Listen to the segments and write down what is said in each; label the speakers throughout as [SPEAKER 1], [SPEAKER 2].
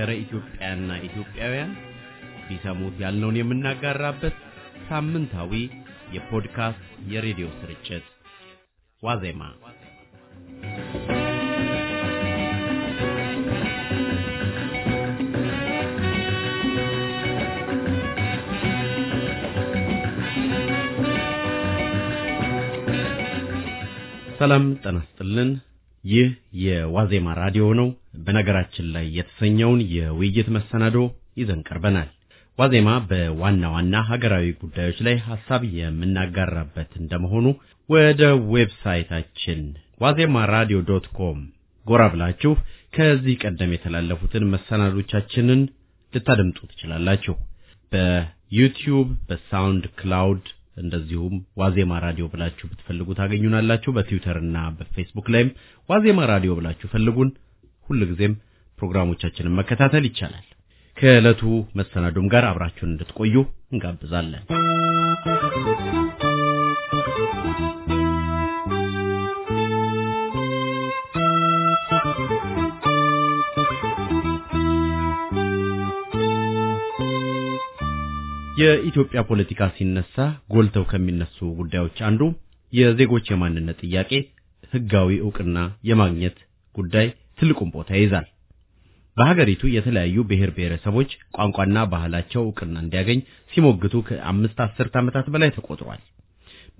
[SPEAKER 1] ሀገረ ኢትዮጵያና ኢትዮጵያውያን ቢሰሙት ያልነውን የምናጋራበት ሳምንታዊ የፖድካስት የሬዲዮ ስርጭት ዋዜማ ሰላም ጠናስጥልን ይህ የዋዜማ ራዲዮ ነው። በነገራችን ላይ የተሰኘውን የውይይት መሰናዶ ይዘን ቀርበናል። ዋዜማ በዋና ዋና ሀገራዊ ጉዳዮች ላይ ሀሳብ የምናጋራበት እንደመሆኑ ወደ ዌብሳይታችን ዋዜማ ራዲዮ ዶት ኮም ጎራ ብላችሁ ከዚህ ቀደም የተላለፉትን መሰናዶቻችንን ልታደምጡ ትችላላችሁ። በዩቲዩብ፣ በሳውንድ ክላውድ እንደዚሁም ዋዜማ ራዲዮ ብላችሁ ብትፈልጉ ታገኙናላችሁ። በትዊተር እና በፌስቡክ ላይም ዋዜማ ራዲዮ ብላችሁ ፈልጉን። ሁልጊዜም ፕሮግራሞቻችንን መከታተል ይቻላል። ከዕለቱ መሰናዶም ጋር አብራችሁን እንድትቆዩ እንጋብዛለን። የኢትዮጵያ ፖለቲካ ሲነሳ ጎልተው ከሚነሱ ጉዳዮች አንዱ የዜጎች የማንነት ጥያቄ ህጋዊ እውቅና የማግኘት ጉዳይ ትልቁን ቦታ ይይዛል። በሀገሪቱ የተለያዩ ብሔር ብሔረሰቦች ቋንቋና ባህላቸው እውቅና እንዲያገኝ ሲሞግቱ ከአምስት አስርት ዓመታት በላይ ተቆጥሯል።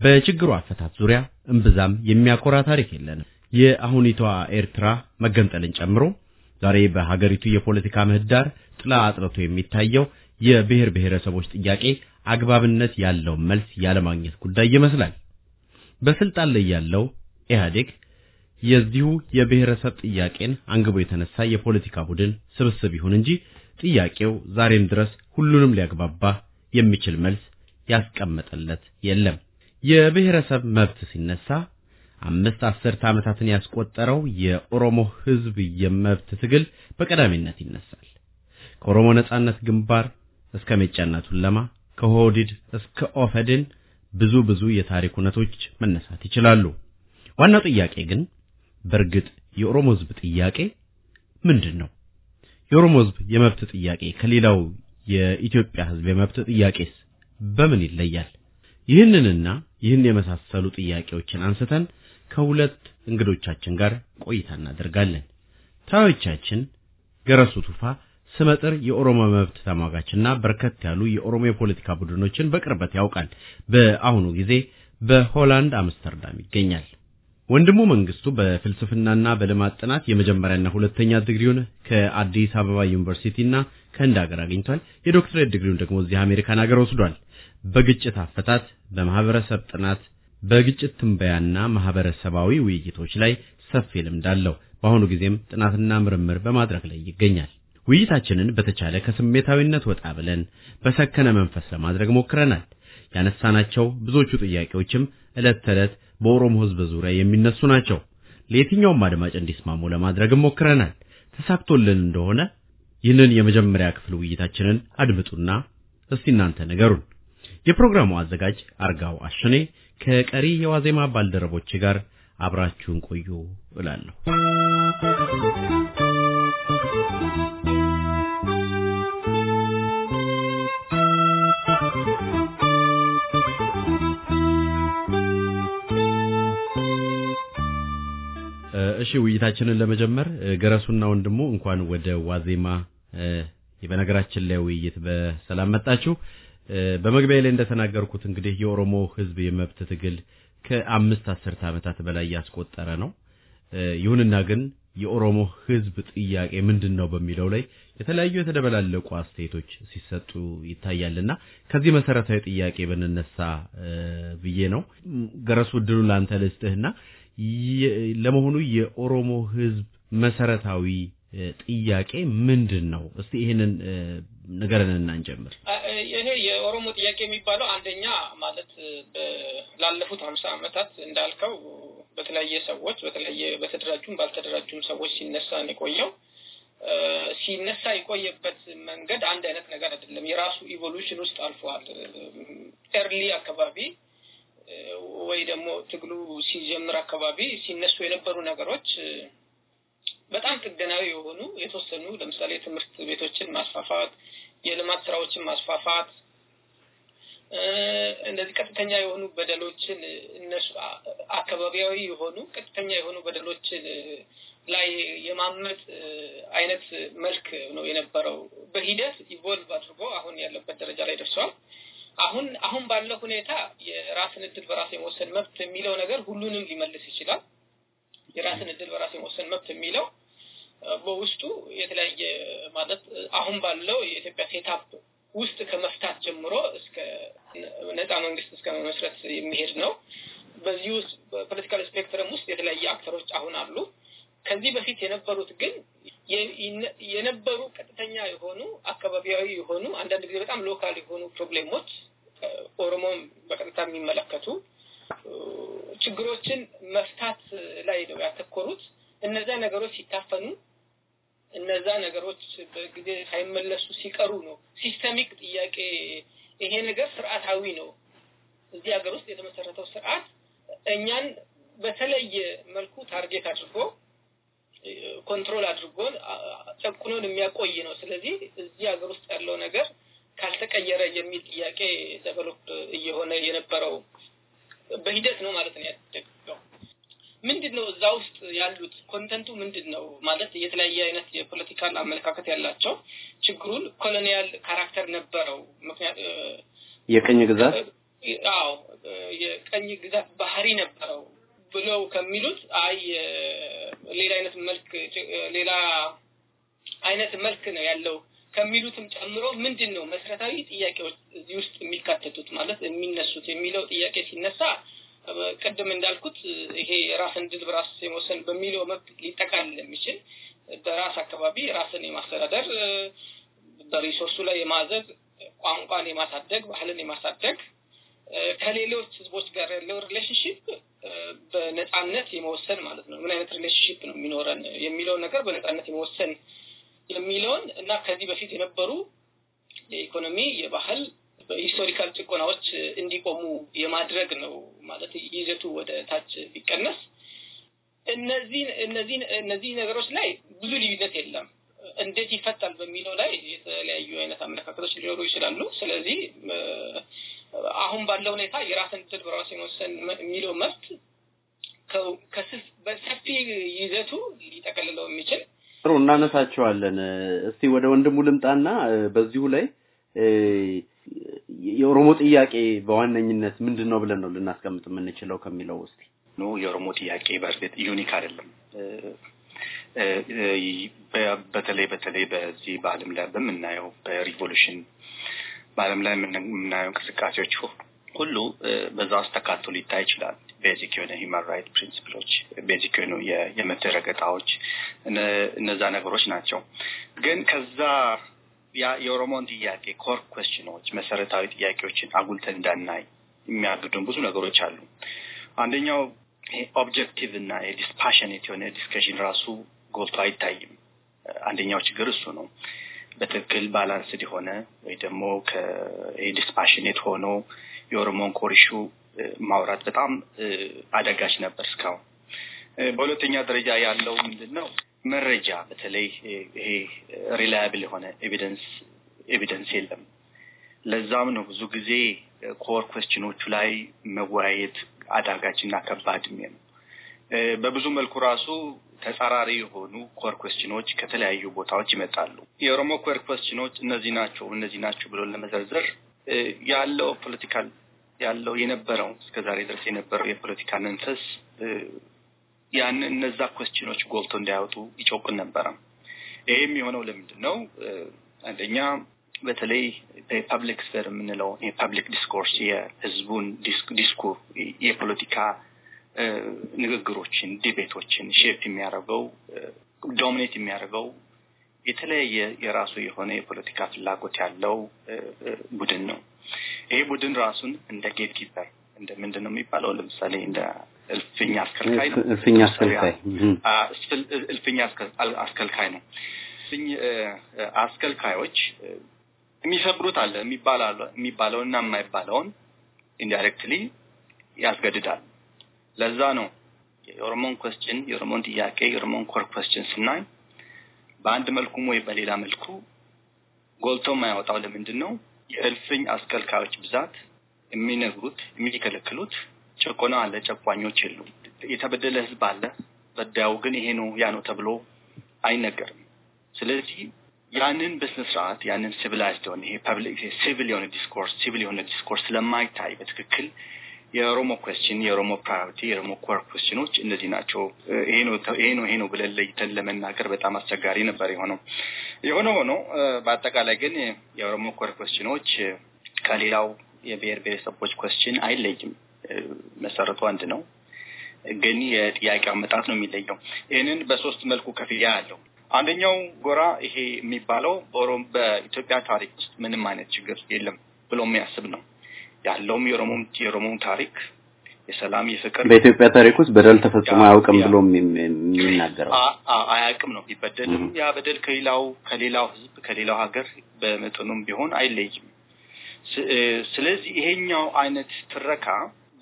[SPEAKER 1] በችግሩ አፈታት ዙሪያ እምብዛም የሚያኮራ ታሪክ የለንም። የአሁኒቷ ኤርትራ መገንጠልን ጨምሮ ዛሬ በሀገሪቱ የፖለቲካ ምህዳር ጥላ አጥርቶ የሚታየው የብሔር ብሔረሰቦች ጥያቄ አግባብነት ያለው መልስ ያለማግኘት ጉዳይ ይመስላል። በስልጣን ላይ ያለው ኢህአዴግ የዚሁ የብሔረሰብ ጥያቄን አንግቦ የተነሳ የፖለቲካ ቡድን ስብስብ ይሁን እንጂ ጥያቄው ዛሬም ድረስ ሁሉንም ሊያግባባ የሚችል መልስ ያስቀመጠለት የለም። የብሔረሰብ መብት ሲነሳ አምስት አስርተ ዓመታትን ያስቆጠረው የኦሮሞ ሕዝብ የመብት ትግል በቀዳሚነት ይነሳል። ከኦሮሞ ነጻነት ግንባር እስከ ሜጫና ቱለማ ከሆዲድ እስከ ኦፈድን ብዙ ብዙ የታሪክ እውነቶች መነሳት ይችላሉ። ዋናው ጥያቄ ግን በእርግጥ የኦሮሞ ጥያቄ ምንድን ነው? የኦሮሞ የመብት ጥያቄ ከሌላው የኢትዮጵያ ህዝብ የመብት ጥያቄስ በምን ይለያል? ይህንንና ይህን የመሳሰሉ ጥያቄዎችን አንስተን ከሁለት እንግዶቻችን ጋር ቆይታ እናደርጋለን። ታዮቻችን ገረሱ ቱፋ ስመጥር የኦሮሞ መብት ተሟጋችና በርከት ያሉ የኦሮሞ የፖለቲካ ቡድኖችን በቅርበት ያውቃል። በአሁኑ ጊዜ በሆላንድ አምስተርዳም ይገኛል። ወንድሙ መንግስቱ በፍልስፍናና በልማት ጥናት የመጀመሪያና ሁለተኛ ዲግሪውን ከአዲስ አበባ ዩኒቨርሲቲና ከህንድ ሀገር አግኝቷል። የዶክትሬት ዲግሪውን ደግሞ እዚህ አሜሪካን ሀገር ወስዷል። በግጭት አፈታት፣ በማህበረሰብ ጥናት፣ በግጭት ትንበያና ማህበረሰባዊ ውይይቶች ላይ ሰፊ ልምድ አለው። በአሁኑ ጊዜም ጥናትና ምርምር በማድረግ ላይ ይገኛል። ውይይታችንን በተቻለ ከስሜታዊነት ወጣ ብለን በሰከነ መንፈስ ለማድረግ ሞክረናል። ያነሳናቸው ብዙዎቹ ጥያቄዎችም ዕለት ተዕለት በኦሮሞ ሕዝብ ዙሪያ የሚነሱ ናቸው። ለየትኛውም አድማጭ እንዲስማሙ ለማድረግም ሞክረናል። ተሳክቶልን እንደሆነ ይህንን የመጀመሪያ ክፍል ውይይታችንን አድምጡና እስቲ እናንተ ነገሩን። የፕሮግራሙ አዘጋጅ አርጋው አሽኔ ከቀሪ የዋዜማ ባልደረቦች ጋር አብራችሁን ቆዩ እላለሁ። እሺ ውይይታችንን ለመጀመር ገረሱና ወንድሙ እንኳን ወደ ዋዜማ በነገራችን ላይ ውይይት በሰላም መጣችሁ። በመግቢያ ላይ እንደተናገርኩት እንግዲህ የኦሮሞ ሕዝብ የመብት ትግል ከአምስት አስርተ ዓመታት በላይ ያስቆጠረ ነው። ይሁንና ግን የኦሮሞ ሕዝብ ጥያቄ ምንድን ነው በሚለው ላይ የተለያዩ የተደበላለቁ አስተያየቶች ሲሰጡ ይታያልና ከዚህ መሰረታዊ ጥያቄ ብንነሳ ብዬ ነው። ገረሱ እድሉ ለአንተ ልስጥህና ለመሆኑ የኦሮሞ ሕዝብ መሰረታዊ ጥያቄ ምንድን ነው? እስቲ ይህንን ንገረን እናንጀምር
[SPEAKER 2] ይሄ የኦሮሞ ጥያቄ የሚባለው አንደኛ ማለት ላለፉት ሀምሳ ዓመታት እንዳልከው በተለያየ ሰዎች በተለያየ በተደራጁም ባልተደራጁም ሰዎች ሲነሳ ነው የቆየው። ሲነሳ የቆየበት መንገድ አንድ አይነት ነገር አይደለም። የራሱ ኢቮሉሽን ውስጥ አልፈዋል። ኤርሊ አካባቢ ወይ ደግሞ ትግሉ ሲጀምር አካባቢ ሲነሱ የነበሩ ነገሮች በጣም ጥገናዊ የሆኑ የተወሰኑ ለምሳሌ የትምህርት ቤቶችን ማስፋፋት፣ የልማት ስራዎችን ማስፋፋት፣ እንደዚህ ቀጥተኛ የሆኑ በደሎችን እነሱ አካባቢያዊ የሆኑ ቀጥተኛ የሆኑ በደሎችን ላይ የማመጥ አይነት መልክ ነው የነበረው። በሂደት ኢቮልቭ አድርጎ አሁን ያለበት ደረጃ ላይ ደርሷል። አሁን አሁን ባለው ሁኔታ የራስን እድል በራስ የመወሰን መብት የሚለው ነገር ሁሉንም ሊመልስ ይችላል። የራስን እድል በራስ የመወሰን መብት የሚለው በውስጡ የተለያየ ማለት አሁን ባለው የኢትዮጵያ ሴታፕ ውስጥ ከመፍታት ጀምሮ እስከ ነጻ መንግስት እስከ መመስረት የሚሄድ ነው። በዚህ ውስጥ በፖለቲካል ስፔክትረም ውስጥ የተለያየ አክተሮች አሁን አሉ። ከዚህ በፊት የነበሩት ግን የነበሩ ቀጥተኛ የሆኑ አካባቢያዊ የሆኑ አንዳንድ ጊዜ በጣም ሎካል የሆኑ ፕሮብሌሞች ኦሮሞም በቀጥታ የሚመለከቱ ችግሮችን መፍታት ላይ ነው ያተኮሩት። እነዚያ ነገሮች ሲታፈኑ እነዛ ነገሮች በጊዜ ሳይመለሱ ሲቀሩ ነው። ሲስተሚክ ጥያቄ ይሄ ነገር ስርዓታዊ ነው። እዚህ ሀገር ውስጥ የተመሰረተው ስርዓት እኛን በተለየ መልኩ ታርጌት አድርጎ ኮንትሮል አድርጎን ጨቁኖን የሚያቆይ ነው። ስለዚህ እዚህ ሀገር ውስጥ ያለው ነገር ካልተቀየረ የሚል ጥያቄ ደቨሎፕ እየሆነ የነበረው በሂደት ነው ማለት ነው ያደገው። ምንድን ነው እዛ ውስጥ ያሉት ኮንተንቱ ምንድን ነው ማለት የተለያየ አይነት የፖለቲካል አመለካከት ያላቸው ችግሩን ኮሎኒያል ካራክተር ነበረው ምክንያቱ የቀኝ ግዛት አዎ የቀኝ ግዛት ባህሪ ነበረው ብለው ከሚሉት አይ ሌላ አይነት መልክ ሌላ አይነት መልክ ነው ያለው ከሚሉትም ጨምሮ ምንድን ነው መሰረታዊ ጥያቄዎች እዚህ ውስጥ የሚካተቱት ማለት የሚነሱት የሚለው ጥያቄ ሲነሳ ቅድም እንዳልኩት ይሄ ራስን ድል በራስ የመወሰን በሚለው መብት ሊጠቃል የሚችል በራስ አካባቢ ራስን የማስተዳደር በሪሶርሱ ላይ የማዘዝ ቋንቋን የማሳደግ ባህልን የማሳደግ ከሌሎች ህዝቦች ጋር ያለው ሪሌሽንሽፕ በነፃነት የመወሰን ማለት ነው። ምን አይነት ሪሌሽንሽፕ ነው የሚኖረን የሚለውን ነገር በነፃነት የመወሰን የሚለውን እና ከዚህ በፊት የነበሩ የኢኮኖሚ፣ የባህል፣ በሂስቶሪካል ጭቆናዎች እንዲቆሙ የማድረግ ነው ማለት ይዘቱ ወደ ታች ቢቀነስ እነዚህ እነዚህ እነዚህ ነገሮች ላይ ብዙ ልዩነት የለም። እንዴት ይፈታል በሚለው ላይ የተለያዩ አይነት አመለካከቶች ሊኖሩ ይችላሉ። ስለዚህ አሁን ባለው ሁኔታ የራስን ትል በራስ የመወሰን የሚለው መብት በሰፊ ይዘቱ ሊጠቀልለው የሚችል
[SPEAKER 1] ጥሩ እናነሳቸዋለን። እስቲ ወደ ወንድሙ ልምጣና በዚሁ ላይ የኦሮሞ ጥያቄ በዋነኝነት ምንድን ነው ብለን ነው ልናስቀምጥ የምንችለው ከሚለው ውስጥ
[SPEAKER 3] ኖ የኦሮሞ ጥያቄ በእርግጥ ዩኒክ አይደለም። በተለይ በተለይ በዚህ በአለም ላይ በምናየው በሪቮሉሽን በአለም ላይ የምናየው እንቅስቃሴዎች ሁሉ በዛ ውስጥ ተካቶ ሊታይ ይችላል። ቤዚክ የሆነ ሂማን ራይት ፕሪንስፕሎች፣ ቤዚክ የሆኑ የመብት እነዛ ነገሮች ናቸው። ግን ከዛ የኦሮሞን ጥያቄ ኮር ኮስችኖች መሰረታዊ ጥያቄዎችን አጉልተን እንዳናይ የሚያግዱን ብዙ ነገሮች አሉ። አንደኛው ኦብጀክቲቭ እና የዲስፓሽኔት የሆነ ዲስከሽን ራሱ ጎልቶ አይታይም። አንደኛው ችግር እሱ ነው። በትክክል ባላንስ የሆነ ወይ ደግሞ ዲስፓሽኔት ሆኖ የኦሮሞን ኮርሹ ማውራት በጣም አደጋች ነበር እስካሁን። በሁለተኛ ደረጃ ያለው ምንድን ነው? መረጃ በተለይ ይሄ ሪላያብል የሆነ ኤቪደንስ ኤቪደንስ የለም። ለዛም ነው ብዙ ጊዜ ኮር ኮስችኖቹ ላይ መወያየት አዳጋችና ከባድ ነው። በብዙ መልኩ ራሱ ተጻራሪ የሆኑ ኮር ኮስችኖች ከተለያዩ ቦታዎች ይመጣሉ። የኦሮሞ ኮር ኮስችኖች እነዚህ ናቸው እነዚህ ናቸው ብሎ ለመዘርዘር ያለው ፖለቲካል ያለው የነበረው እስከዛሬ ድረስ የነበረው የፖለቲካ መንፈስ ያን እነዛ ኮስችኖች ጎልቶ እንዳያወጡ ይጨቁን ነበረ። ይህም የሆነው ለምንድን ነው? አንደኛ በተለይ የፐብሊክ ስፌር የምንለው የፐብሊክ ዲስኮርስ የህዝቡን ዲስኩር የፖለቲካ ንግግሮችን፣ ዲቤቶችን ሼፕ የሚያደርገው ዶሚኔት የሚያደርገው የተለያየ የራሱ የሆነ የፖለቲካ ፍላጎት ያለው ቡድን ነው። ይሄ ቡድን ራሱን እንደ ጌት ኪፐር እንደ ምንድን ነው የሚባለው ለምሳሌ እንደ እልፍኝ አስከልካይ ነው። እልፍኝ አስከልካይ እልፍኝ አስከልካይ ነው። እልፍኝ አስከልካዮች የሚሰብሩት አለ የሚባለው እና የማይባለውን ኢንዳይሬክትሊ ያስገድዳል። ለዛ ነው የኦሮሞን ኮስችን የኦሮሞን ጥያቄ የኦሮሞን ኮር ኮስችን ስናይ በአንድ መልኩም ወይ በሌላ መልኩ ጎልቶ የማያወጣው ለምንድን ነው? የእልፍኝ አስከልካዮች ብዛት የሚነግሩት የሚከለክሉት ጭቆና አለ፣ ጨቋኞች የሉም። የተበደለ ህዝብ አለ፣ በዳዩ ግን ይሄ ነው ያ ነው ተብሎ አይነገርም። ስለዚህ ያንን በስነ ስርዓት ያንን ሲቪላይዝድ የሆነ ይሄ ፐብሊክ ሲቪል የሆነ ዲስኮርስ ሲቪል የሆነ ዲስኮርስ ስለማይታይ በትክክል የኦሮሞ ኩዌስችን የኦሮሞ ፕራዮሪቲ የኦሮሞ ኮር ኩዌስችኖች እነዚህ ናቸው፣ ይሄ ነው ይሄ ነው ብለን ለይተን ለመናገር በጣም አስቸጋሪ ነበር የሆነው። የሆነ ሆኖ በአጠቃላይ ግን የኦሮሞ ኮር ኩዌስችኖች ከሌላው የብሔር ብሔረሰቦች ኩዌስችን አይለይም። መሰረቱ አንድ ነው፣ ግን የጥያቄ አመጣት ነው የሚለየው። ይህንን በሶስት መልኩ ከፍያ አለው። አንደኛው ጎራ ይሄ የሚባለው በኢትዮጵያ ታሪክ ውስጥ ምንም አይነት ችግር የለም ብሎ የሚያስብ ነው። ያለውም የኦሮሞም ታሪክ የሰላም የፍቅር በኢትዮጵያ ታሪክ
[SPEAKER 1] ውስጥ በደል ተፈጽሞ አያውቅም ብሎ የሚናገረው
[SPEAKER 3] አያውቅም ነው። ቢበደልም ያ በደል ከሌላው ከሌላው ህዝብ ከሌላው ሀገር በመጠኑም ቢሆን አይለይም። ስለዚህ ይሄኛው አይነት ትረካ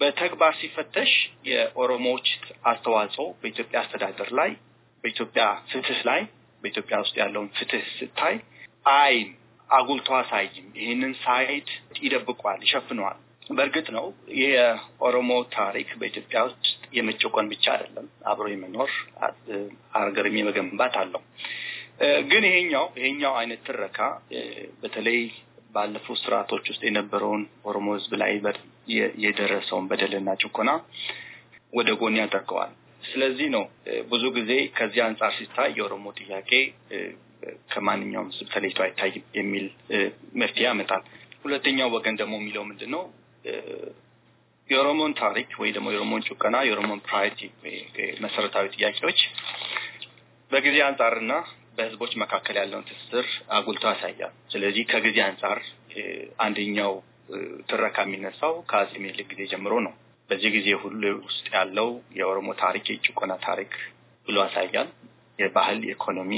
[SPEAKER 3] በተግባር ሲፈተሽ የኦሮሞዎች አስተዋጽኦ በኢትዮጵያ አስተዳደር ላይ፣ በኢትዮጵያ ፍትህ ላይ፣ በኢትዮጵያ ውስጥ ያለውን ፍትህ ስታይ አይም አጉልቶ አሳይም። ይህንን ሳይድ ይደብቋል፣ ይሸፍነዋል። በእርግጥ ነው የኦሮሞ ታሪክ በኢትዮጵያ ውስጥ የመጨቆን ብቻ አይደለም፣ አብሮ የመኖር ሀገርም የመገንባት አለው። ግን ይሄኛው ይሄኛው አይነት ትረካ በተለይ ባለፉት ስርዓቶች ውስጥ የነበረውን ኦሮሞ ህዝብ ላይ የደረሰውን በደልና ጭቆና ወደ ጎን ያደርገዋል። ስለዚህ ነው ብዙ ጊዜ ከዚህ አንጻር ሲታይ የኦሮሞ ጥያቄ ከማንኛውም ስብ ተለይቶ አይታይም የሚል መፍትሄ ያመጣል። ሁለተኛው ወገን ደግሞ የሚለው ምንድን ነው? የኦሮሞን ታሪክ ወይ ደግሞ የኦሮሞን ጭቆና፣ የኦሮሞን ፕራይቲ መሰረታዊ ጥያቄዎች በጊዜ አንጻርና በህዝቦች መካከል ያለውን ትስስር አጉልቶ ያሳያል። ስለዚህ ከጊዜ አንጻር አንደኛው ትረካ የሚነሳው ከአጼ ምኒልክ ጊዜ ጀምሮ ነው። በዚህ ጊዜ ሁሉ ውስጥ ያለው የኦሮሞ ታሪክ የጭቆና ታሪክ ብሎ ያሳያል። የባህል የኢኮኖሚ፣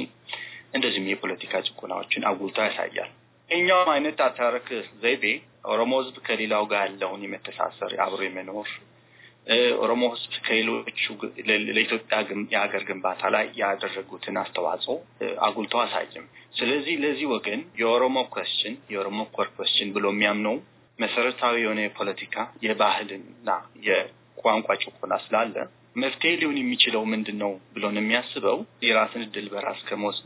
[SPEAKER 3] እንደዚሁም የፖለቲካ ጭቆናዎችን አጉልቶ ያሳያል። እኛውም አይነት አታረክ ዘይቤ ኦሮሞ ህዝብ ከሌላው ጋር ያለውን የመተሳሰር አብሮ የመኖር ኦሮሞ ህዝብ ከሌሎቹ ለኢትዮጵያ የሀገር ግንባታ ላይ ያደረጉትን አስተዋጽኦ አጉልቶ አሳይም። ስለዚህ ለዚህ ወገን የኦሮሞ ኮስችን የኦሮሞ ኮር ኮስችን ብሎ የሚያምነው መሰረታዊ የሆነ የፖለቲካ የባህልና የቋንቋ ጭቆና ስላለ መፍትሄ ሊሆን የሚችለው ምንድን ነው ብሎን የሚያስበው የራስን እድል በራስ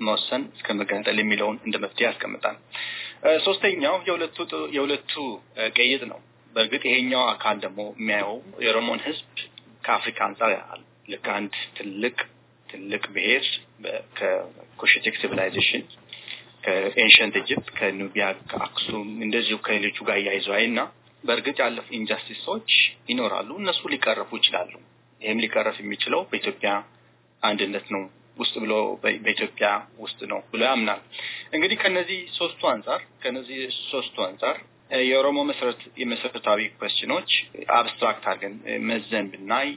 [SPEAKER 3] መወሰን እስከ መገንጠል የሚለውን እንደ መፍትሄ ያስቀምጣል። ሶስተኛው የሁለቱ የሁለቱ ቅይጥ ነው። በእርግጥ ይሄኛው አካል ደግሞ የሚያየው የኦሮሞን ህዝብ ከአፍሪካ አንጻር ያል ልክ አንድ ትልቅ ትልቅ ብሔር ከኮሽቴክ ሲቪላይዜሽን ከኤንሸንት ኢጅፕት ከኑቢያ ከአክሱም እንደዚሁ ከሌሎቹ ጋር አይ እና በእርግጥ ያለፉ ኢንጃስቲሶች ይኖራሉ። እነሱ ሊቀረፉ ይችላሉ። ይህም ሊቀረፍ የሚችለው በኢትዮጵያ አንድነት ነው ውስጥ ብሎ በኢትዮጵያ ውስጥ ነው ብሎ ያምናል። እንግዲህ ከነዚህ ሶስቱ አንጻር ከነዚህ ሶስቱ አንጻር የኦሮሞ መሰረት የመሰረታዊ ኮስችኖች አብስትራክት አርገን መዘን ብናይ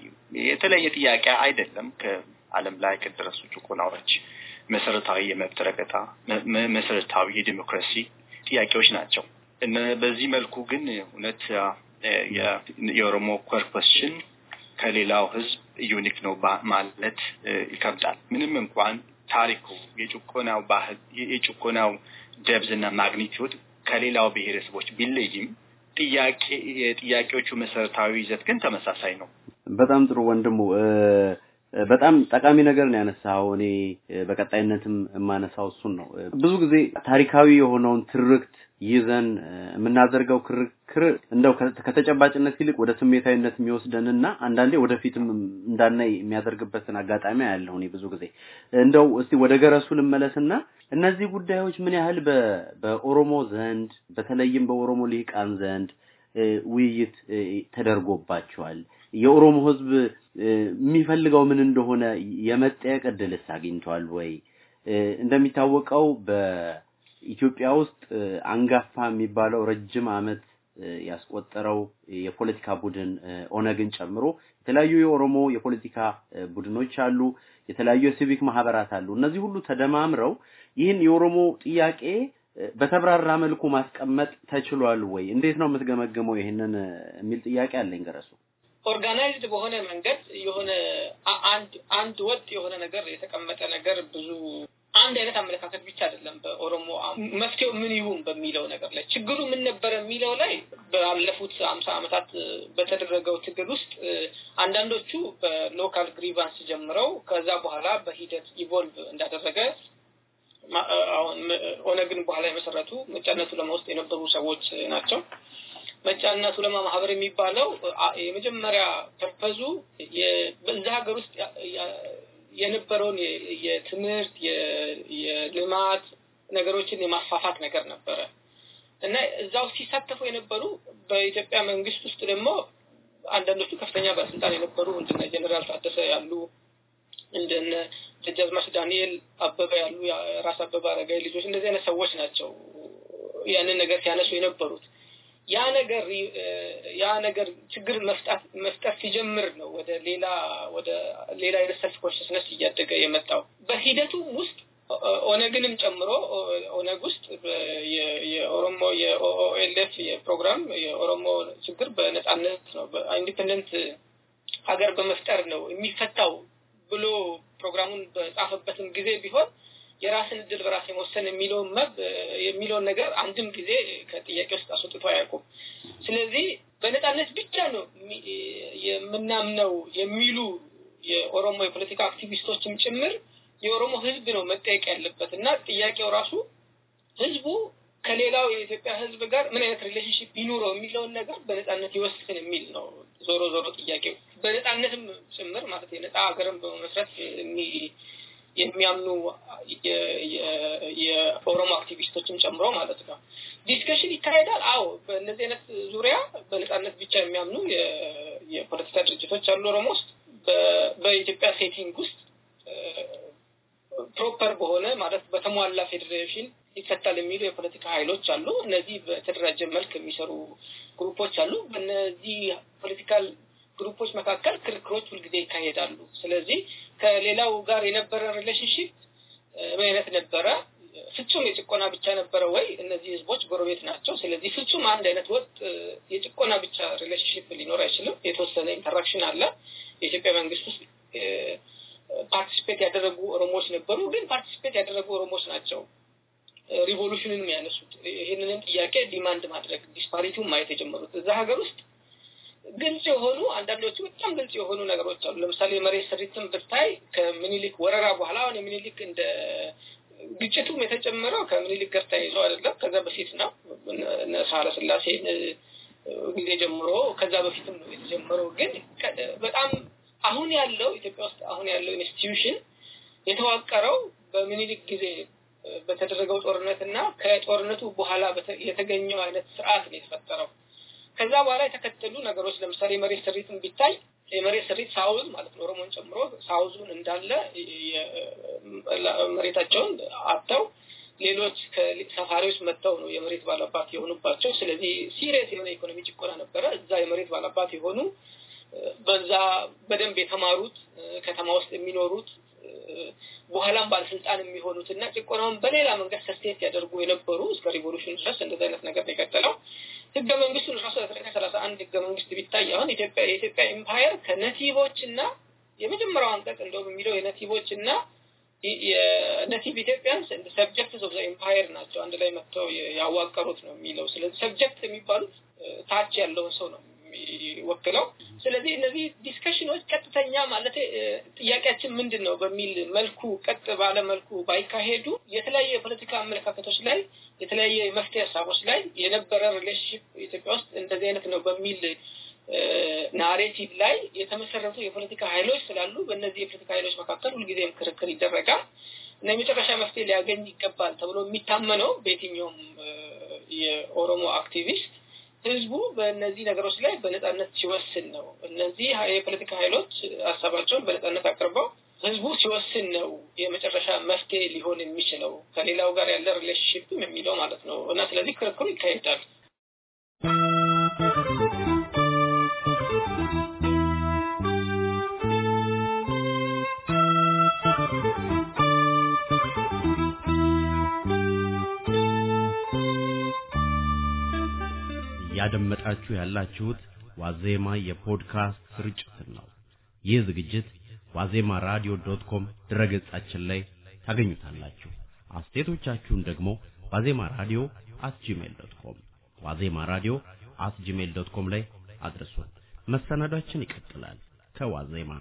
[SPEAKER 3] የተለየ ጥያቄ አይደለም። ከአለም ላይ ከደረሱ ጭቁናዎች መሰረታዊ የመብት ረገጣ፣ መሰረታዊ የዲሞክራሲ ጥያቄዎች ናቸው። በዚህ መልኩ ግን እውነት የኦሮሞ ኮር ከሌላው ህዝብ ዩኒክ ነው ማለት ይከብዳል። ምንም እንኳን ታሪኩ የጭቆናው ባህል የጭቆናው ደብዝና ማግኒቲዩድ ከሌላው ብሔረሰቦች ቢለይም ጥያቄ የጥያቄዎቹ መሰረታዊ ይዘት ግን ተመሳሳይ ነው።
[SPEAKER 1] በጣም ጥሩ ወንድሙ በጣም ጠቃሚ ነገር ነው ያነሳው። እኔ በቀጣይነትም የማነሳው እሱን ነው። ብዙ ጊዜ ታሪካዊ የሆነውን ትርክት ይዘን የምናደርገው ክርክር እንደው ከተጨባጭነት ይልቅ ወደ ስሜታዊነት የሚወስደንና አንዳንዴ ወደፊትም እንዳናይ የሚያደርግበትን አጋጣሚ ያለው እኔ ብዙ ጊዜ እንደው እስቲ ወደ ገረሱ ልመለስና እነዚህ ጉዳዮች ምን ያህል በኦሮሞ ዘንድ በተለይም በኦሮሞ ሊቃን ዘንድ ውይይት ተደርጎባቸዋል? የኦሮሞ ህዝብ የሚፈልገው ምን እንደሆነ የመጠየቅ እድልስ አግኝቷል ወይ? እንደሚታወቀው በኢትዮጵያ ውስጥ አንጋፋ የሚባለው ረጅም ዓመት ያስቆጠረው የፖለቲካ ቡድን ኦነግን ጨምሮ የተለያዩ የኦሮሞ የፖለቲካ ቡድኖች አሉ፣ የተለያዩ የሲቪክ ማህበራት አሉ። እነዚህ ሁሉ ተደማምረው ይህን የኦሮሞ ጥያቄ በተብራራ መልኩ ማስቀመጥ ተችሏል ወይ? እንዴት ነው የምትገመግመው? ይህንን የሚል ጥያቄ አለኝ ገረሱ።
[SPEAKER 2] ኦርጋናይዝድ በሆነ መንገድ የሆነ አንድ አንድ ወጥ የሆነ ነገር የተቀመጠ ነገር ብዙ አንድ አይነት አመለካከት ብቻ አይደለም። በኦሮሞ መፍትሄው ምን ይሁን በሚለው ነገር ላይ ችግሩ ምን ነበረ የሚለው ላይ ባለፉት አምሳ ዓመታት በተደረገው ትግል ውስጥ አንዳንዶቹ በሎካል ግሪቫንስ ጀምረው ከዛ በኋላ በሂደት ኢቮልቭ እንዳደረገ አሁን ኦነግን በኋላ የመሰረቱ መጫነቱ ለመውስጥ የነበሩ ሰዎች ናቸው። መጫና ሱለማ ማህበር የሚባለው የመጀመሪያ ተፈዙ በዛ ሀገር ውስጥ የነበረውን የትምህርት የልማት ነገሮችን የማፋፋት ነገር ነበረ እና እዛው ሲሳተፉ የነበሩ በኢትዮጵያ መንግስት ውስጥ ደግሞ አንዳንዶቹ ከፍተኛ ባለስልጣን የነበሩ እንደነ ጀኔራል ታደሰ ያሉ እንደነ ደጃዝማች ዳንኤል አበበ ያሉ ራስ አበበ አረጋዊ ልጆች እንደዚህ አይነት ሰዎች ናቸው ያንን ነገር ሲያነሱ የነበሩት ያ ነገር ያ ነገር ችግር መፍጣት መፍጠር ሲጀምር ነው ወደ ሌላ ወደ ሌላ የረሰልፍ ኮንሽስነስ እያደገ የመጣው በሂደቱ ውስጥ ኦነግንም ጨምሮ ኦነግ ውስጥ የኦሮሞ የኦኤልኤፍ የፕሮግራም የኦሮሞ ችግር በነጻነት ነው በኢንዲፐንደንት ሀገር በመፍጠር ነው የሚፈታው ብሎ ፕሮግራሙን በጻፈበትም ጊዜ ቢሆን የራስን እድል በራስ የመወሰን የሚለውን መብ የሚለውን ነገር አንድም ጊዜ ከጥያቄ ውስጥ አስወጥቶ አያውቁም። ስለዚህ በነፃነት ብቻ ነው የምናምነው የሚሉ የኦሮሞ የፖለቲካ አክቲቪስቶችም ጭምር የኦሮሞ ህዝብ ነው መጠየቅ ያለበት እና ጥያቄው ራሱ ህዝቡ ከሌላው የኢትዮጵያ ህዝብ ጋር ምን አይነት ሪሌሽንሽፕ ቢኖረው የሚለውን ነገር በነፃነት ይወስን የሚል ነው። ዞሮ ዞሮ ጥያቄው በነፃነትም ጭምር ማለት የነፃ ሀገርን በመመስረት የሚያምኑ የኦሮሞ አክቲቪስቶችን ጨምሮ ማለት ነው። ዲስከሽን ይካሄዳል። አዎ፣ በእነዚህ አይነት ዙሪያ በነጻነት ብቻ የሚያምኑ የፖለቲካ ድርጅቶች አሉ። ኦሮሞ ውስጥ በኢትዮጵያ ሴቲንግ ውስጥ ፕሮፐር በሆነ ማለት በተሟላ ፌዴሬሽን ይፈታል የሚሉ የፖለቲካ ሀይሎች አሉ። እነዚህ በተደራጀ መልክ የሚሰሩ ግሩፖች አሉ። በእነዚህ ፖለቲካል ግሩፖች መካከል ክርክሮች ሁልጊዜ ይካሄዳሉ። ስለዚህ ከሌላው ጋር የነበረ ሪሌሽንሽፕ ምን አይነት ነበረ? ፍጹም የጭቆና ብቻ ነበረ ወይ? እነዚህ ህዝቦች ጎረቤት ናቸው። ስለዚህ ፍጹም አንድ አይነት ወጥ የጭቆና ብቻ ሪሌሽንሽፕ ሊኖር አይችልም። የተወሰነ ኢንተራክሽን አለ። የኢትዮጵያ መንግስት ውስጥ ፓርቲስፔት ያደረጉ ኦሮሞዎች ነበሩ፣ ግን ፓርቲስፔት ያደረጉ ኦሮሞዎች ናቸው ሪቮሉሽንን የሚያነሱት ይህንንም ጥያቄ ዲማንድ ማድረግ ዲስፓሪቲውን ማየት የጀመሩት እዛ ሀገር ውስጥ ግልጽ የሆኑ አንዳንዶቹ በጣም ግልጽ የሆኑ ነገሮች አሉ። ለምሳሌ የመሬት ስሪትን ብታይ ከምኒሊክ ወረራ በኋላ አሁን የምኒሊክ እንደ ግጭቱም የተጨመረው ከምኒሊክ ጋር ተያይዞ አይደለም። ከዛ በፊት ነው ሳህለ ስላሴ ጊዜ ጀምሮ ከዛ በፊትም ነው የተጀመረው። ግን በጣም አሁን ያለው ኢትዮጵያ ውስጥ አሁን ያለው ኢንስቲትዩሽን የተዋቀረው በምኒሊክ ጊዜ በተደረገው ጦርነት እና ከጦርነቱ በኋላ የተገኘው አይነት ስርዓት ነው የተፈጠረው። ከዛ በኋላ የተከተሉ ነገሮች ለምሳሌ የመሬት ስሪትን ቢታይ የመሬት ስሪት ሳውዝ ማለት ነው ኦሮሞን ጨምሮ ሳውዙን እንዳለ መሬታቸውን አጥተው ሌሎች ሰፋሪዎች መጥተው ነው የመሬት ባላባት የሆኑባቸው። ስለዚህ ሲሪየስ የሆነ ኢኮኖሚ ጭቆና ነበረ። እዛ የመሬት ባላባት የሆኑ በዛ በደንብ የተማሩት ከተማ ውስጥ የሚኖሩት በኋላም ባለስልጣን የሚሆኑት እና ጭቆናውን በሌላ መንገድ ሰስቴት ያደርጉ የነበሩ እስከ ሪቮሉሽን ድረስ እንደዚ አይነት ነገር ነው የቀጠለው። ህገ መንግስቱ ራሱ ሰላሳ አንድ ህገ መንግስት ቢታይ አሁን ኢትዮጵያ የኢትዮጵያ ኢምፓየር ከነቲቦች እና የመጀመሪያው አንቀጽ እንደውም የሚለው የነቲቦች እና የነቲቭ ኢትዮጵያንስ ሰብጀክት ኦፍ ኢምፓየር ናቸው አንድ ላይ መጥተው ያዋቀሩት ነው የሚለው። ስለዚህ ሰብጀክት የሚባሉት ታች ያለውን ሰው ነው የሚወክለው። ስለዚህ እነዚህ ዲስከሽን ማለት ጥያቄያችን ምንድን ነው በሚል መልኩ ቀጥ ባለ መልኩ ባይካሄዱ የተለያየ የፖለቲካ አመለካከቶች ላይ የተለያየ የመፍትሄ ሀሳቦች ላይ የነበረ ሪሌሽንሽፕ ኢትዮጵያ ውስጥ እንደዚህ አይነት ነው በሚል ናሬቲቭ ላይ የተመሰረቱ የፖለቲካ ኃይሎች ስላሉ በእነዚህ የፖለቲካ ሀይሎች መካከል ሁልጊዜም ክርክር ይደረጋል እና የመጨረሻ መፍትሄ ሊያገኝ ይገባል ተብሎ የሚታመነው በየትኛውም የኦሮሞ አክቲቪስት ህዝቡ በእነዚህ ነገሮች ላይ በነጻነት ሲወስን ነው። እነዚህ የፖለቲካ ኃይሎች ሀሳባቸውን በነጻነት አቅርበው ህዝቡ ሲወስን ነው የመጨረሻ መፍትሄ ሊሆን የሚችለው ከሌላው ጋር ያለ ሪሌሽንሽፕም የሚለው ማለት ነው። እና ስለዚህ ክርክሩ ይካሄዳል።
[SPEAKER 1] እያደመጣችሁ ያላችሁት ዋዜማ የፖድካስት ስርጭትን ነው። ይህ ዝግጅት ዋዜማ ራዲዮ ዶት ኮም ድረገጻችን ላይ ታገኙታላችሁ። አስተያየቶቻችሁን ደግሞ ዋዜማ ራዲዮ አት ጂሜል ዶት ኮም ዋዜማ ራዲዮ አት ጂሜል ዶት ኮም ላይ አድርሱ። መሰናዷችን ይቀጥላል። ከዋዜማ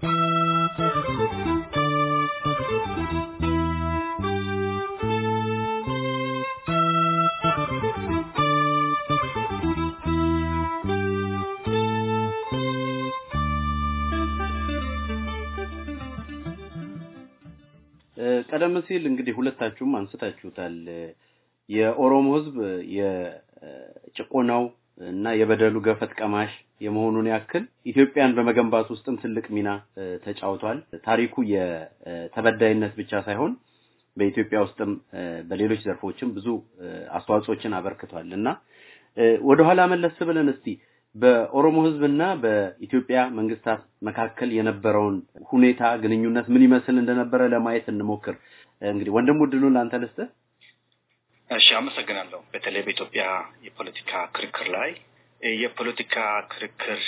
[SPEAKER 1] ቀደም ሲል እንግዲህ ሁለታችሁም አንስታችሁታል። የኦሮሞ ህዝብ የጭቆናው እና የበደሉ ገፈት ቀማሽ የመሆኑን ያክል ኢትዮጵያን በመገንባት ውስጥም ትልቅ ሚና ተጫውቷል። ታሪኩ የተበዳይነት ብቻ ሳይሆን በኢትዮጵያ ውስጥም በሌሎች ዘርፎችም ብዙ አስተዋጽኦችን አበርክቷል እና ወደኋላ መለስ ብለን እስቲ በኦሮሞ ህዝብና በኢትዮጵያ መንግስታት መካከል የነበረውን ሁኔታ ግንኙነት ምን ይመስል እንደነበረ ለማየት እንሞክር። እንግዲህ ወንድሙ ድሉን ለአንተ ልስጥህ።
[SPEAKER 3] እሺ፣ አመሰግናለሁ። በተለይ በኢትዮጵያ የፖለቲካ ክርክር ላይ የፖለቲካ ክርክር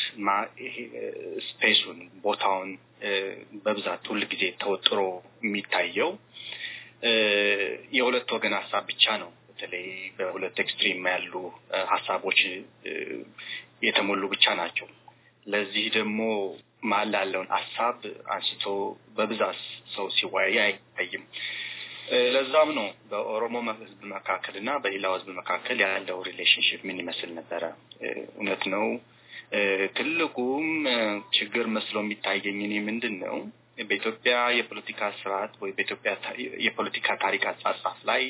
[SPEAKER 3] ስፔሱን ቦታውን በብዛት ሁል ጊዜ ተወጥሮ የሚታየው የሁለት ወገን ሀሳብ ብቻ ነው። በተለይ በሁለት ኤክስትሪም ያሉ ሀሳቦች የተሞሉ ብቻ ናቸው። ለዚህ ደግሞ መሀል ላለውን ሀሳብ አንስቶ በብዛት ሰው ሲወያይ አይታይም። ለዛም ነው በኦሮሞ ህዝብ መካከል እና በሌላው ህዝብ መካከል ያለው ሪሌሽንሽፕ ምን ይመስል ነበረ። እውነት ነው። ትልቁም ችግር መስሎ የሚታየኝ እኔ ምንድን ነው በኢትዮጵያ የፖለቲካ ስርዓት ወይ በኢትዮጵያ የፖለቲካ ታሪክ አጻጻፍ ላይ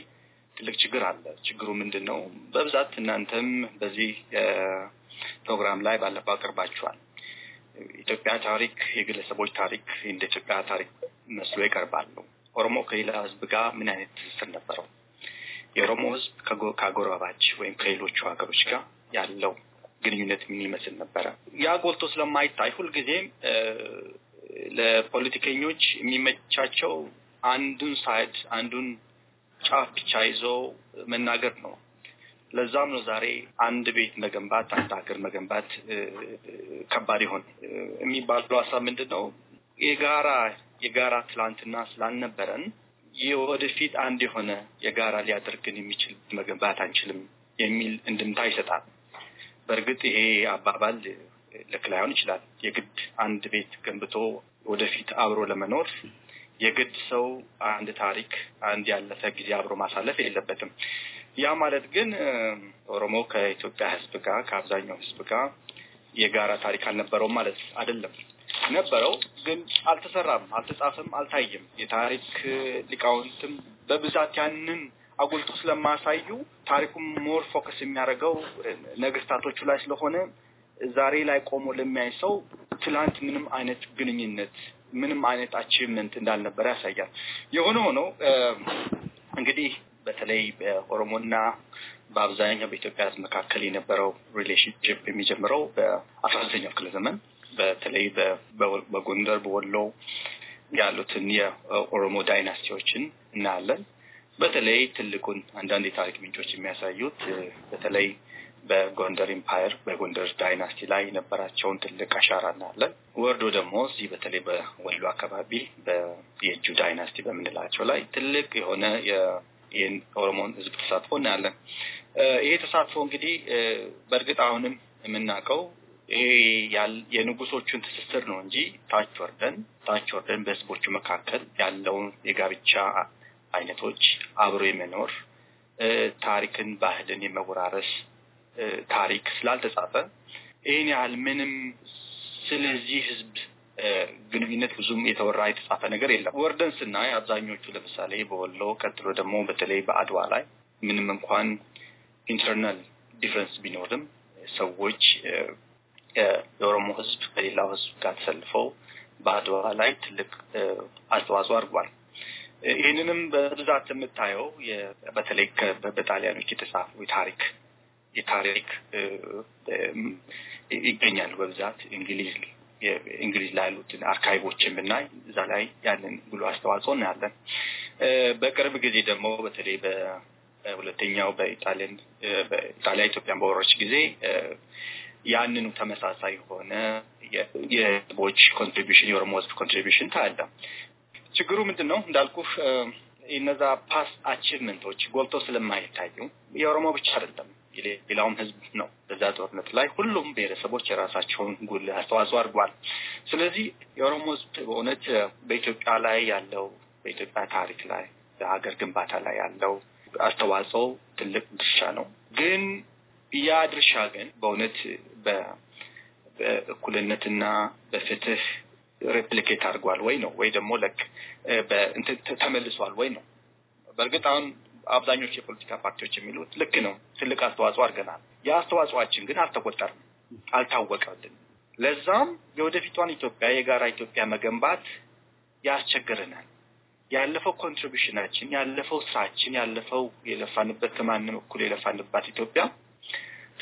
[SPEAKER 3] ትልቅ ችግር አለ። ችግሩ ምንድን ነው? በብዛት እናንተም በዚህ ፕሮግራም ላይ ባለፈው አቅርባችኋል። ኢትዮጵያ ታሪክ የግለሰቦች ታሪክ እንደ ኢትዮጵያ ታሪክ መስሎ ይቀርባሉ። ኦሮሞ ከሌላ ህዝብ ጋር ምን አይነት ትስስር ነበረው? የኦሮሞ ህዝብ ከአጎራባች ወይም ከሌሎቹ ሀገሮች ጋር ያለው ግንኙነት ምን ይመስል ነበረ? ያ ጎልቶ ስለማይታይ ሁልጊዜም ለፖለቲከኞች የሚመቻቸው አንዱን ሳይድ አንዱን ጫፍ ብቻ ይዞ መናገር ነው። ለዛም ነው ዛሬ አንድ ቤት መገንባት አንድ ሀገር መገንባት ከባድ ይሆን የሚባለው ሀሳብ ምንድን ነው? የጋራ የጋራ ትላንትና ስላልነበረን የወደፊት አንድ የሆነ የጋራ ሊያደርግን የሚችል መገንባት አንችልም የሚል እንድምታ ይሰጣል። በእርግጥ ይሄ አባባል ልክ ላይሆን ይችላል። የግድ አንድ ቤት ገንብቶ ወደፊት አብሮ ለመኖር የግድ ሰው አንድ ታሪክ፣ አንድ ያለፈ ጊዜ አብሮ ማሳለፍ የለበትም። ያ ማለት ግን ኦሮሞ ከኢትዮጵያ ሕዝብ ጋር ከአብዛኛው ሕዝብ ጋር የጋራ ታሪክ አልነበረውም ማለት አይደለም። ነበረው፣ ግን አልተሰራም፣ አልተጻፈም፣ አልታየም። የታሪክ ሊቃውንትም በብዛት ያንን አጉልቶ ስለማያሳዩ ታሪኩም ሞር ፎከስ የሚያደርገው ነገስታቶቹ ላይ ስለሆነ ዛሬ ላይ ቆሞ ለሚያይ ሰው ትላንት ምንም አይነት ግንኙነት ምንም አይነት አቺቭመንት እንዳልነበረ ያሳያል። የሆነ ሆኖ እንግዲህ በተለይ በኦሮሞና በአብዛኛው በኢትዮጵያ ሕዝብ መካከል የነበረው ሪሌሽንሽፕ የሚጀምረው በአስራ ዘጠኛው ክፍለ ዘመን በተለይ በጎንደር በወሎ ያሉትን የኦሮሞ ዳይናስቲዎችን እናያለን። በተለይ ትልቁን አንዳንድ የታሪክ ምንጮች የሚያሳዩት በተለይ በጎንደር ኢምፓየር በጎንደር ዳይናስቲ ላይ የነበራቸውን ትልቅ አሻራ እናያለን። ወርዶ ደግሞ እዚህ በተለይ በወሎ አካባቢ የእጁ ዳይናስቲ በምንላቸው ላይ ትልቅ የሆነ የኦሮሞን ህዝብ ተሳትፎ እናያለን። ይሄ ተሳትፎ እንግዲህ በእርግጥ አሁንም የምናውቀው ይሄ የንጉሶቹን ትስስር ነው እንጂ ታች ወርደን ታች ወርደን በህዝቦቹ መካከል ያለውን የጋብቻ አይነቶች አብሮ የመኖር ታሪክን፣ ባህልን የመወራረስ ታሪክ ስላልተጻፈ ይህን ያህል ምንም ስለዚህ ህዝብ ግንኙነት ብዙም የተወራ የተጻፈ ነገር የለም። ወርደን ስናይ አብዛኞቹ ለምሳሌ በወሎ ቀጥሎ ደግሞ በተለይ በአድዋ ላይ ምንም እንኳን ኢንተርናል ዲፍረንስ ቢኖርም ሰዎች የኦሮሞ ህዝብ ከሌላው ህዝብ ጋር ተሰልፈው በአድዋ ላይ ትልቅ አስተዋጽኦ አድርጓል። ይህንንም በብዛት የምታየው በተለይ በጣሊያኖች የተጻፉ የታሪክ የታሪክ ይገኛል በብዛት እንግሊዝ እንግሊዝ ላይ ያሉትን ብናይ እዛ ላይ ያንን ብሎ አስተዋጽኦ እናያለን። በቅርብ ጊዜ ደግሞ በተለይ በሁለተኛው በኢጣሊያን በኢጣሊያ ኢትዮጵያን በወረች ጊዜ ያንኑ ተመሳሳይ የሆነ የህዝቦች ኮንትሪቢሽን የኦሮሞ ህዝብ ኮንትሪቢሽን ታያለ። ችግሩ ምንድን ነው እንዳልኩህ እነዛ ፓስ አቺቭመንቶች ጎልቶ ስለማይታዩ የኦሮሞ ብቻ አይደለም የሌላውም ህዝብ ነው። በዛ ጦርነት ላይ ሁሉም ብሔረሰቦች የራሳቸውን ጉል አስተዋጽኦ አድርጓል። ስለዚህ የኦሮሞ ህዝብ በእውነት በኢትዮጵያ ላይ ያለው በኢትዮጵያ ታሪክ ላይ በሀገር ግንባታ ላይ ያለው አስተዋጽኦ ትልቅ ድርሻ ነው። ግን ያ ድርሻ ግን በእውነት በእኩልነትና በፍትህ ሬፕሊኬት አድርጓል ወይ ነው ወይ ደግሞ ለክ ተመልሷል ወይ ነው። በእርግጥ አሁን አብዛኞቹ የፖለቲካ ፓርቲዎች የሚሉት ልክ ነው። ትልቅ አስተዋጽኦ አድርገናል። የአስተዋጽኦችን ግን አልተቆጠርም፣ አልታወቀልን። ለዛም የወደፊቷን ኢትዮጵያ የጋራ ኢትዮጵያ መገንባት ያስቸግረናል። ያለፈው ኮንትሪቢሽናችን፣ ያለፈው ስራችን፣ ያለፈው የለፋንበት ከማንም እኩል የለፋንባት ኢትዮጵያ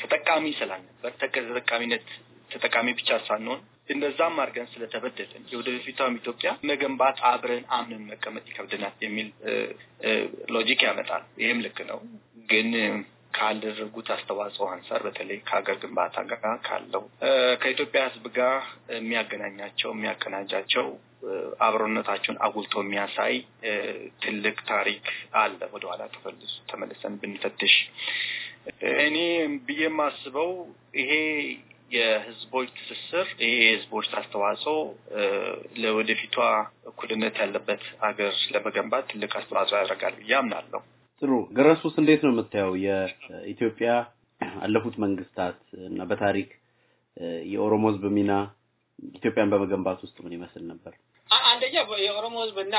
[SPEAKER 3] ተጠቃሚ ስላልነበር ተጠቃሚነት ተጠቃሚ ብቻ ሳንሆን እንደዛም አድርገን ስለተበደልን የወደፊቷም ኢትዮጵያ መገንባት አብረን አምነን መቀመጥ ይከብድናል የሚል ሎጂክ ያመጣል። ይህም ልክ ነው ግን ካደረጉት አስተዋጽኦ አንጻር በተለይ ከሀገር ግንባታ ጋር ካለው ከኢትዮጵያ ሕዝብ ጋር የሚያገናኛቸው የሚያቀናጃቸው አብሮነታቸውን አጉልቶ የሚያሳይ ትልቅ ታሪክ አለ። ወደኋላ ተፈልሱ ተመልሰን ብንፈትሽ እኔ ብዬ የማስበው ይሄ የህዝቦች ትስስር ይሄ የህዝቦች አስተዋጽኦ ለወደፊቷ እኩልነት ያለበት ሀገር ለመገንባት ትልቅ አስተዋጽኦ ያደርጋል ብዬ አምናለሁ።
[SPEAKER 1] ጥሩ ገረሱስ፣ እንዴት ነው የምታየው? የኢትዮጵያ አለፉት መንግስታት እና በታሪክ የኦሮሞ ህዝብ ሚና ኢትዮጵያን በመገንባት ውስጥ ምን ይመስል ነበር?
[SPEAKER 2] አንደኛ የኦሮሞ ህዝብ እና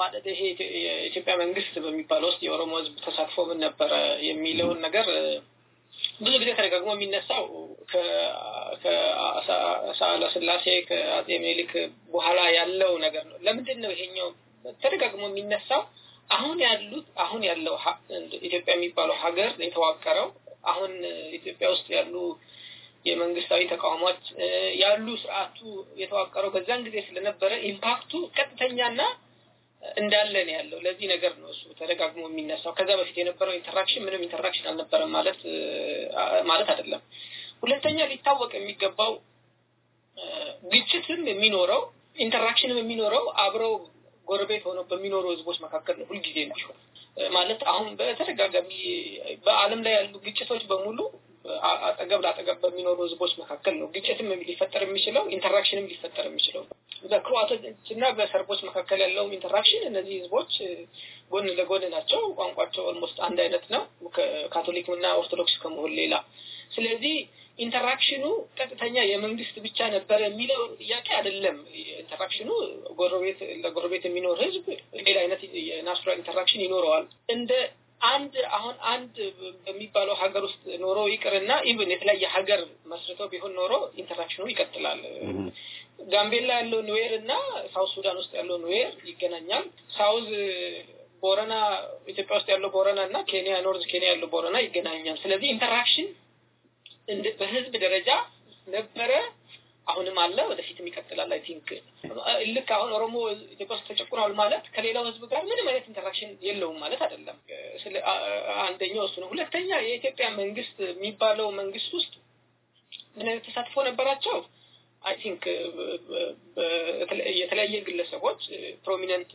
[SPEAKER 2] ማለት ይሄ የኢትዮጵያ መንግስት በሚባለው ውስጥ የኦሮሞ ህዝብ ተሳትፎ ምን ነበረ የሚለውን ነገር ብዙ ጊዜ ተደጋግሞ የሚነሳው ከሳለ ስላሴ ከአጼ ሜሊክ በኋላ ያለው ነገር ነው። ለምንድን ነው ይሄኛው ተደጋግሞ የሚነሳው? አሁን ያሉት አሁን ያለው ኢትዮጵያ የሚባለው ሀገር የተዋቀረው አሁን ኢትዮጵያ ውስጥ ያሉ የመንግስታዊ ተቃውሞች ያሉ ስርዓቱ የተዋቀረው በዛን ጊዜ ስለነበረ ኢምፓክቱ ቀጥተኛና እንዳለ ነው ያለው። ለዚህ ነገር ነው እሱ ተደጋግሞ የሚነሳው። ከዛ በፊት የነበረው ኢንተራክሽን ምንም ኢንተራክሽን አልነበረም ማለት ማለት አይደለም። ሁለተኛ ሊታወቅ የሚገባው ግጭትም የሚኖረው ኢንተራክሽንም የሚኖረው አብረው ጎረቤት ሆነው በሚኖሩ ህዝቦች መካከል ነው ሁልጊዜ ቢሆን ማለት አሁን በተደጋጋሚ በዓለም ላይ ያሉ ግጭቶች በሙሉ አጠገብ ለአጠገብ በሚኖሩ ህዝቦች መካከል ነው። ግጭትም ሊፈጠር የሚችለው ኢንተራክሽንም ሊፈጠር የሚችለው በክሮዋቶች እና በሰርቦች መካከል ያለው ኢንተራክሽን፣ እነዚህ ህዝቦች ጎን ለጎን ናቸው። ቋንቋቸው ኦልሞስት አንድ አይነት ነው ከካቶሊክ እና ኦርቶዶክስ ከመሆን ሌላ። ስለዚህ ኢንተራክሽኑ ቀጥተኛ የመንግስት ብቻ ነበረ የሚለው ጥያቄ አይደለም። ኢንተራክሽኑ ጎረቤት ለጎረቤት የሚኖር ህዝብ ሌላ አይነት የናቹራል ኢንተራክሽን ይኖረዋል እንደ አንድ አሁን አንድ በሚባለው ሀገር ውስጥ ኖሮ ይቅርና ኢቭን የተለያየ ሀገር መስርቶ ቢሆን ኖሮ ኢንተራክሽኑ ይቀጥላል። ጋምቤላ ያለው ኑዌር እና ሳውዝ ሱዳን ውስጥ ያለው ኑዌር ይገናኛል። ሳውዝ ቦረና ኢትዮጵያ ውስጥ ያለው ቦረና እና ኬንያ ኖርዝ ኬንያ ያለው ቦረና ይገናኛል። ስለዚህ ኢንተራክሽን በህዝብ ደረጃ ነበረ አሁንም አለ፣ ወደፊትም ይቀጥላል። አይ ቲንክ ልክ አሁን ኦሮሞ ኢትዮጵያ ውስጥ ተጨቁኗል ማለት ከሌላው ህዝብ ጋር ምንም አይነት ኢንተራክሽን የለውም ማለት አይደለም። አንደኛው እሱ ነው። ሁለተኛ የኢትዮጵያ መንግስት የሚባለው መንግስት ውስጥ ምን አይነት ተሳትፎ ነበራቸው? አይ ቲንክ የተለያየ ግለሰቦች ፕሮሚነንት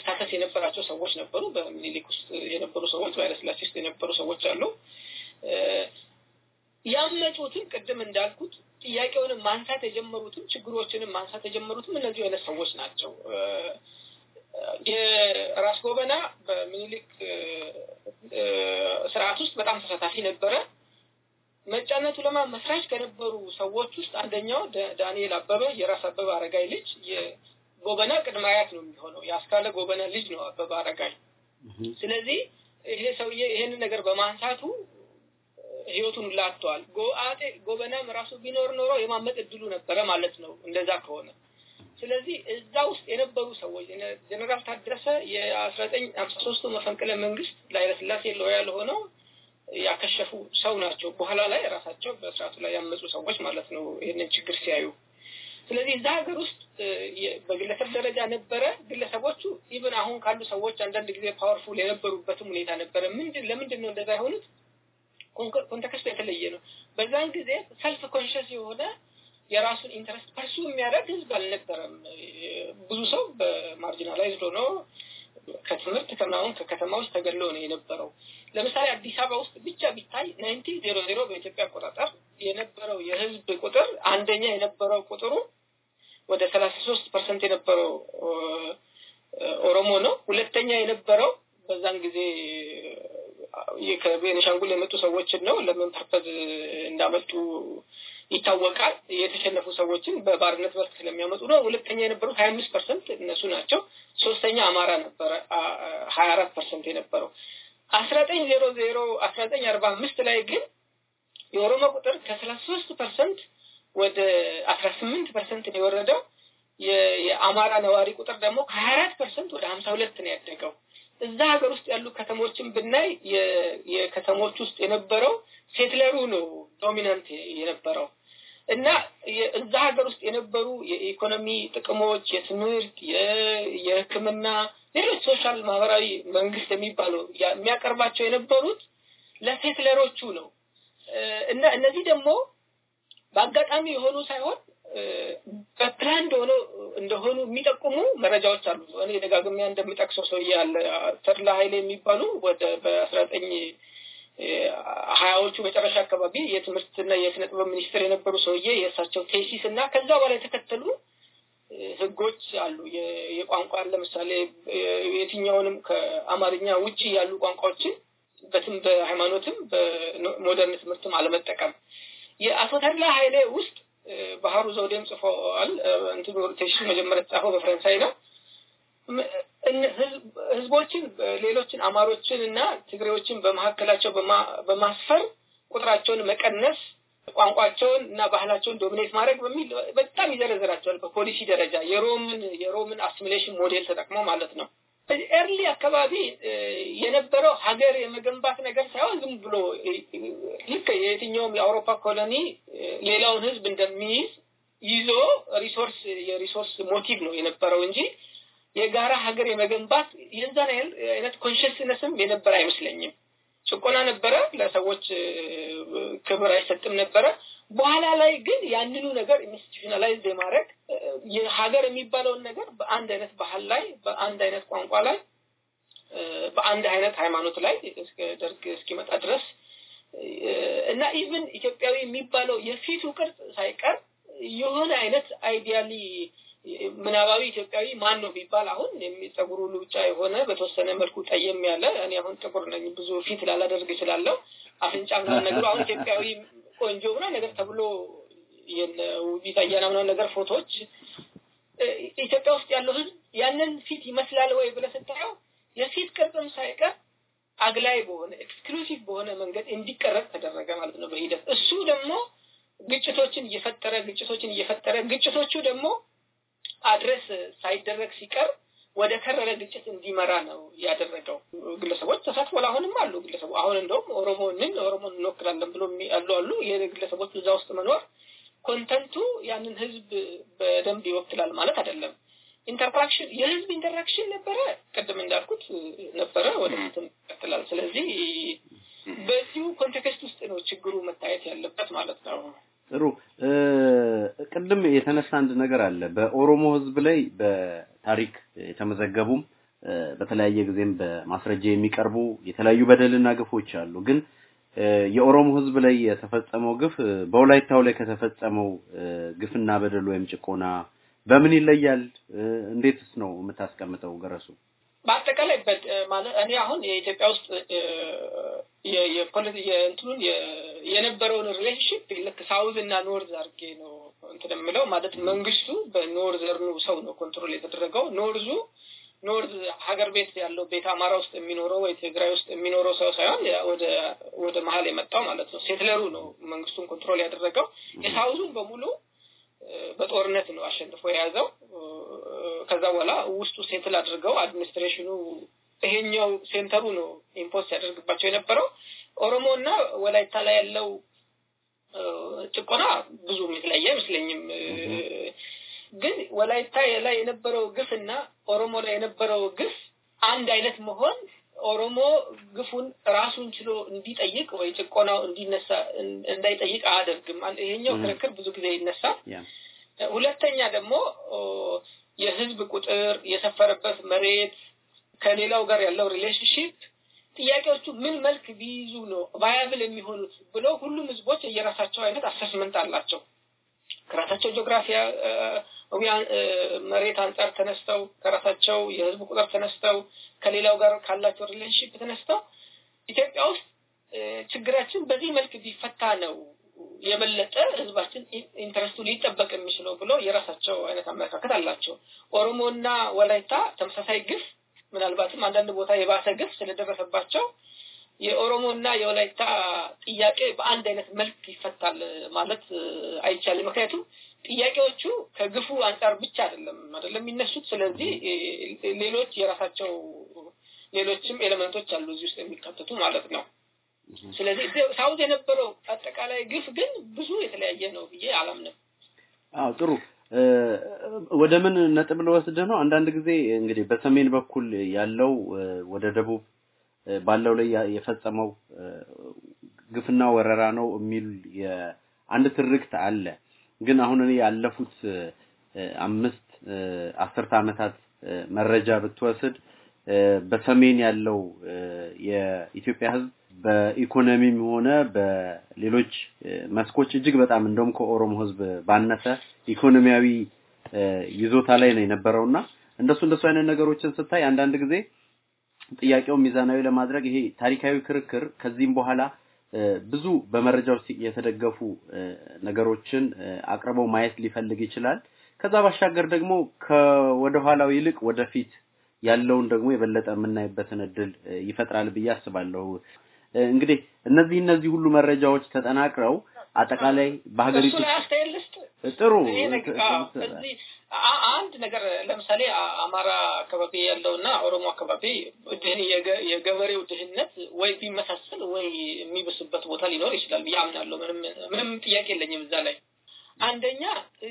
[SPEAKER 2] ስታተስ የነበራቸው ሰዎች ነበሩ። በሚኒሊክ ውስጥ የነበሩ ሰዎች፣ በኃይለስላሴ ውስጥ የነበሩ ሰዎች አሉ። ያመጡትን ቅድም እንዳልኩት ጥያቄውንም ማንሳት የጀመሩትም ችግሮችንም ማንሳት የጀመሩትም እነዚህ አይነት ሰዎች ናቸው። የራስ ጎበና በምኒልክ ስርዓት ውስጥ በጣም ተሳታፊ ነበረ። መጫነቱ ለማ መስራች ከነበሩ ሰዎች ውስጥ አንደኛው ዳንኤል አበበ የራስ አበበ አረጋይ ልጅ የጎበና ቅድመ አያት ነው የሚሆነው። የአስካለ ጎበና ልጅ ነው አበበ አረጋይ። ስለዚህ ይሄ ሰውዬ ይሄንን ነገር በማንሳቱ ህይወቱን ላጥቷል አጥቷል። ጎአጤ ጎበናም ራሱ ቢኖር ኖሮ የማመጥ እድሉ ነበረ ማለት ነው እንደዛ ከሆነ። ስለዚህ እዛ ውስጥ የነበሩ ሰዎች ጀነራል ታደሰ የ1953 መፈንቅለ መንግስት ለኃይለሥላሴ ሎያል ሆነው ያከሸፉ ሰው ናቸው። በኋላ ላይ ራሳቸው በስርዓቱ ላይ ያመፁ ሰዎች ማለት ነው ይህንን ችግር ሲያዩ ስለዚህ እዛ ሀገር ውስጥ በግለሰብ ደረጃ ነበረ። ግለሰቦቹ ኢብን አሁን ካሉ ሰዎች አንዳንድ ጊዜ ፓወርፉል የነበሩበትም ሁኔታ ነበረ። ምንድን ለምንድን ነው እንደዛ የሆኑት? ኮንቴክስቱ የተለየ ነው። በዛን ጊዜ ሰልፍ ኮንሽስ የሆነ የራሱን ኢንትረስት ፐርሱ የሚያደርግ ህዝብ አልነበረም። ብዙ ሰው በማርጂናላይዝድ ሆኖ ከትምህርት ከምናምን ከከተማ ውስጥ ተገሎ ነው የነበረው። ለምሳሌ አዲስ አበባ ውስጥ ብቻ ቢታይ ናይንቲ ዜሮ ዜሮ በኢትዮጵያ አቆጣጠር የነበረው የህዝብ ቁጥር አንደኛ የነበረው ቁጥሩ ወደ ሰላሳ ሶስት ፐርሰንት የነበረው ኦሮሞ ነው። ሁለተኛ የነበረው በዛን ጊዜ ከቤኒሻንጉል የመጡ ሰዎችን ነው ለምን ፐርፐዝ እንዳመጡ ይታወቃል። የተሸነፉ ሰዎችን በባርነት መልክ ስለሚያመጡ ነው። ሁለተኛ የነበሩ ሀያ አምስት ፐርሰንት እነሱ ናቸው። ሶስተኛ አማራ ነበረ ሀያ አራት ፐርሰንት የነበረው አስራ ዘጠኝ ዜሮ ዜሮ አስራ ዘጠኝ አርባ አምስት ላይ ግን የኦሮሞ ቁጥር ከሰላሳ ሶስት ፐርሰንት ወደ አስራ ስምንት ፐርሰንት ነው የወረደው። የአማራ ነዋሪ ቁጥር ደግሞ ከሀያ አራት ፐርሰንት ወደ ሀምሳ ሁለት ነው ያደገው። እዛ ሀገር ውስጥ ያሉ ከተሞችን ብናይ የከተሞች ውስጥ የነበረው ሴትለሩ ነው ዶሚናንት የነበረው እና እዛ ሀገር ውስጥ የነበሩ የኢኮኖሚ ጥቅሞች፣ የትምህርት፣ የሕክምና፣ ሌሎች ሶሻል ማህበራዊ መንግስት የሚባለው የሚያቀርባቸው የነበሩት ለሴትለሮቹ ነው እና እነዚህ ደግሞ በአጋጣሚ የሆኑ ሳይሆን በትረንድ ሆኖ እንደሆኑ የሚጠቁሙ መረጃዎች አሉ። እኔ ደጋግሚያ እንደምጠቅሰው ሰውዬ አለ ተድላ ኃይሌ የሚባሉ ወደ በአስራ ዘጠኝ ሀያዎቹ መጨረሻ አካባቢ የትምህርትና የስነ ጥበብ ሚኒስትር የነበሩ ሰውዬ የእሳቸው ቴሲስ እና ከዛ በኋላ የተከተሉ ህጎች አሉ። የቋንቋን ለምሳሌ የትኛውንም ከአማርኛ ውጭ ያሉ ቋንቋዎችን በትም በሃይማኖትም በሞደርን ትምህርትም አለመጠቀም የአቶ ተድላ ኃይሌ ውስጥ ባህሩ ዘውዴም ጽፎዋል። እንትን ቴሽን መጀመሪያ የተጻፈው በፈረንሳይ ነው። ህዝቦችን ሌሎችን አማሮችን እና ትግሬዎችን በመካከላቸው በማስፈር ቁጥራቸውን መቀነስ፣ ቋንቋቸውን እና ባህላቸውን ዶሚኔት ማድረግ በሚል በጣም ይዘረዝራቸዋል። በፖሊሲ ደረጃ የሮምን የሮምን አሲሚሌሽን ሞዴል ተጠቅሞ ማለት ነው። ኤርሊ አካባቢ የነበረው ሀገር የመገንባት ነገር ሳይሆን ዝም ብሎ ልክ የየትኛውም የአውሮፓ ኮሎኒ ሌላውን ህዝብ እንደሚይዝ ይዞ ሪሶርስ የሪሶርስ ሞቲቭ ነው የነበረው እንጂ የጋራ ሀገር የመገንባት የዛን አይነት ኮንሽስነስም የነበረ አይመስለኝም። ጭቆና ነበረ፣ ለሰዎች ክብር አይሰጥም ነበረ። በኋላ ላይ ግን ያንኑ ነገር ኢንስቲቱሽናላይዝ የማድረግ ሀገር የሚባለውን ነገር በአንድ አይነት ባህል ላይ በአንድ አይነት ቋንቋ ላይ በአንድ አይነት ሃይማኖት ላይ ደርግ እስኪመጣ ድረስ እና ኢቭን ኢትዮጵያዊ የሚባለው የፊቱ ቅርጽ ሳይቀር የሆነ አይነት አይዲያሊ ምናባዊ ኢትዮጵያዊ ማን ነው ቢባል አሁን የሚጸጉሩ ሉጫ የሆነ በተወሰነ መልኩ ጠየም ያለ እኔ አሁን ጥቁር ነኝ ብዙ ፊት ላላደርግ እችላለሁ። አፍንጫ ምናምን ነገሩ አሁን ኢትዮጵያዊ ቆንጆ ምናምን ነገር ተብሎ ውቢት አያና ምናምን ነገር ፎቶዎች ኢትዮጵያ ውስጥ ያለው ህዝብ ያንን ፊት ይመስላል ወይ ብለ ስታየው የፊት ቅርጽም ሳይቀር አግላይ በሆነ ኤክስክሉሲቭ በሆነ መንገድ እንዲቀረጽ ተደረገ ማለት ነው በሂደት እሱ ደግሞ ግጭቶችን እየፈጠረ ግጭቶችን እየፈጠረ ግጭቶቹ ደግሞ አድረስ ሳይደረግ ሲቀር ወደ ከረረ ግጭት እንዲመራ ነው ያደረገው። ግለሰቦች ተሳትፎ አሁንም አሉ። ግለሰቦ አሁን እንደውም ኦሮሞንን ኦሮሞን እንወክላለን ብሎ ያሉ አሉ። የግለሰቦች እዛ ውስጥ መኖር ኮንተንቱ ያንን ህዝብ በደንብ ይወክላል ማለት አይደለም። ኢንተራክሽን የህዝብ ኢንተራክሽን ነበረ፣ ቅድም እንዳልኩት ነበረ፣ ወደፊትም ይቀጥላል። ስለዚህ በዚሁ ኮንቴክስት ውስጥ ነው ችግሩ መታየት ያለበት ማለት ነው።
[SPEAKER 1] ጥሩ ቅድም የተነሳ አንድ ነገር አለ። በኦሮሞ ህዝብ ላይ በታሪክ የተመዘገቡም በተለያየ ጊዜም በማስረጃ የሚቀርቡ የተለያዩ በደልና ግፎች አሉ። ግን የኦሮሞ ህዝብ ላይ የተፈጸመው ግፍ በውላይታው ላይ ከተፈጸመው ግፍና በደል ወይም ጭቆና በምን ይለያል? እንዴትስ ነው የምታስቀምጠው? ገረሱ
[SPEAKER 2] በአጠቃላይ ማለት እኔ አሁን የኢትዮጵያ ውስጥ የእንትኑን የነበረውን ሪሌሽንሽፕ ልክ ሳውዝ እና ኖርዝ አርጌ ነው እንትን የምለው ማለት መንግስቱ በኖርዘርኑ ሰው ነው ኮንትሮል የተደረገው። ኖርዙ ኖርዝ ሀገር ቤት ያለው ቤት አማራ ውስጥ የሚኖረው ወይ ትግራይ ውስጥ የሚኖረው ሰው ሳይሆን ወደ ወደ መሀል የመጣው ማለት ነው። ሴትለሩ ነው መንግስቱን ኮንትሮል ያደረገው። የሳውዙን በሙሉ በጦርነት ነው አሸንፎ የያዘው። ከዛ በኋላ ውስጡ ሴትል አድርገው አድሚኒስትሬሽኑ ይሄኛው ሴንተሩ ነው ኢምፖስት ያደርግባቸው የነበረው። ኦሮሞ እና ወላይታ ላይ ያለው ጭቆና ብዙ የተለያየ አይመስለኝም። ግን ወላይታ ላይ የነበረው ግፍ እና ኦሮሞ ላይ የነበረው ግፍ አንድ አይነት መሆን ኦሮሞ ግፉን ራሱን ችሎ እንዲጠይቅ ወይ ጭቆናው እንዲነሳ እንዳይጠይቅ አያደርግም። ይሄኛው ክርክር ብዙ ጊዜ ይነሳል። ሁለተኛ ደግሞ የህዝብ ቁጥር፣ የሰፈረበት መሬት ከሌላው ጋር ያለው ሪሌሽንሽፕ ጥያቄዎቹ ምን መልክ ቢይዙ ነው ቫያብል የሚሆኑት ብሎ ሁሉም ህዝቦች የራሳቸው አይነት አሰስመንት አላቸው። ከራሳቸው ጂኦግራፊያ መሬት አንጻር ተነስተው ከራሳቸው የህዝብ ቁጥር ተነስተው ከሌላው ጋር ካላቸው ሪሌሽንሽፕ ተነስተው ኢትዮጵያ ውስጥ ችግራችን በዚህ መልክ ቢፈታ ነው የበለጠ ህዝባችን ኢንተረስቱ ሊጠበቅ የሚችለው ብሎ የራሳቸው አይነት አመለካከት አላቸው። ኦሮሞና ወላይታ ተመሳሳይ ግፍ ምናልባትም አንዳንድ ቦታ የባሰ ግፍ ስለደረሰባቸው የኦሮሞና የወላይታ ጥያቄ በአንድ አይነት መልክ ይፈታል ማለት አይቻልም። ምክንያቱም ጥያቄዎቹ ከግፉ አንጻር ብቻ አይደለም አይደለም የሚነሱት። ስለዚህ ሌሎች የራሳቸው ሌሎችም ኤሌመንቶች አሉ እዚህ ውስጥ የሚካተቱ ማለት ነው። ስለዚህ ሳውዝ የነበረው አጠቃላይ ግፍ ግን ብዙ የተለያየ ነው ብዬ አላምንም።
[SPEAKER 1] አዎ ጥሩ ወደ ምን ነጥብ ልወስድ ነው? አንዳንድ ጊዜ እንግዲህ በሰሜን በኩል ያለው ወደ ደቡብ ባለው ላይ የፈጸመው ግፍና ወረራ ነው የሚል አንድ ትርክት አለ። ግን አሁን እኔ ያለፉት አምስት አስርተ ዓመታት መረጃ ብትወስድ በሰሜን ያለው የኢትዮጵያ ህዝብ በኢኮኖሚም ሆነ በሌሎች መስኮች እጅግ በጣም እንደውም ከኦሮሞ ህዝብ ባነሰ ኢኮኖሚያዊ ይዞታ ላይ ነው የነበረውና እንደሱ እንደሱ አይነት ነገሮችን ስታይ አንዳንድ ጊዜ ጥያቄው ሚዛናዊ ለማድረግ ይሄ ታሪካዊ ክርክር ከዚህም በኋላ ብዙ በመረጃዎች የተደገፉ ነገሮችን አቅርበው ማየት ሊፈልግ ይችላል። ከዛ ባሻገር ደግሞ ከወደኋላው ይልቅ ወደፊት ያለውን ደግሞ የበለጠ የምናይበትን እድል ይፈጥራል ብዬ አስባለሁ። እንግዲህ እነዚህ እነዚህ ሁሉ መረጃዎች ተጠናቅረው አጠቃላይ በሀገሪቱ ጥሩ
[SPEAKER 2] አንድ ነገር ለምሳሌ አማራ አካባቢ ያለውና ኦሮሞ አካባቢ የገበሬው ድህነት ወይ ቢመሳሰል ወይ የሚብስበት ቦታ ሊኖር ይችላል ብዬ አምናለሁ። ምንም ጥያቄ የለኝም እዛ ላይ አንደኛ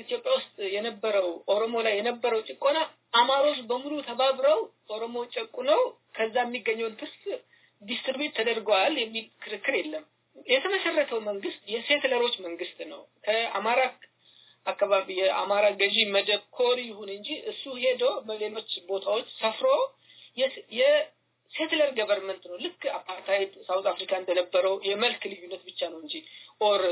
[SPEAKER 2] ኢትዮጵያ ውስጥ የነበረው ኦሮሞ ላይ የነበረው ጭቆና አማሮች በሙሉ ተባብረው ኦሮሞ ጨቁነው ከዛ የሚገኘውን ትርፍ ዲስትሪቢዩት ተደርገዋል የሚል ክርክር የለም። የተመሰረተው መንግስት የሴትለሮች መንግስት ነው። ከአማራ አካባቢ የአማራ ገዢ መደብ ኮር ይሁን እንጂ እሱ ሄዶ በሌሎች ቦታዎች ሰፍሮ የሴትለር ገቨርንመንት ነው። ልክ አፓርታይድ ሳውት አፍሪካ እንደነበረው የመልክ ልዩነት ብቻ ነው እንጂ ኦር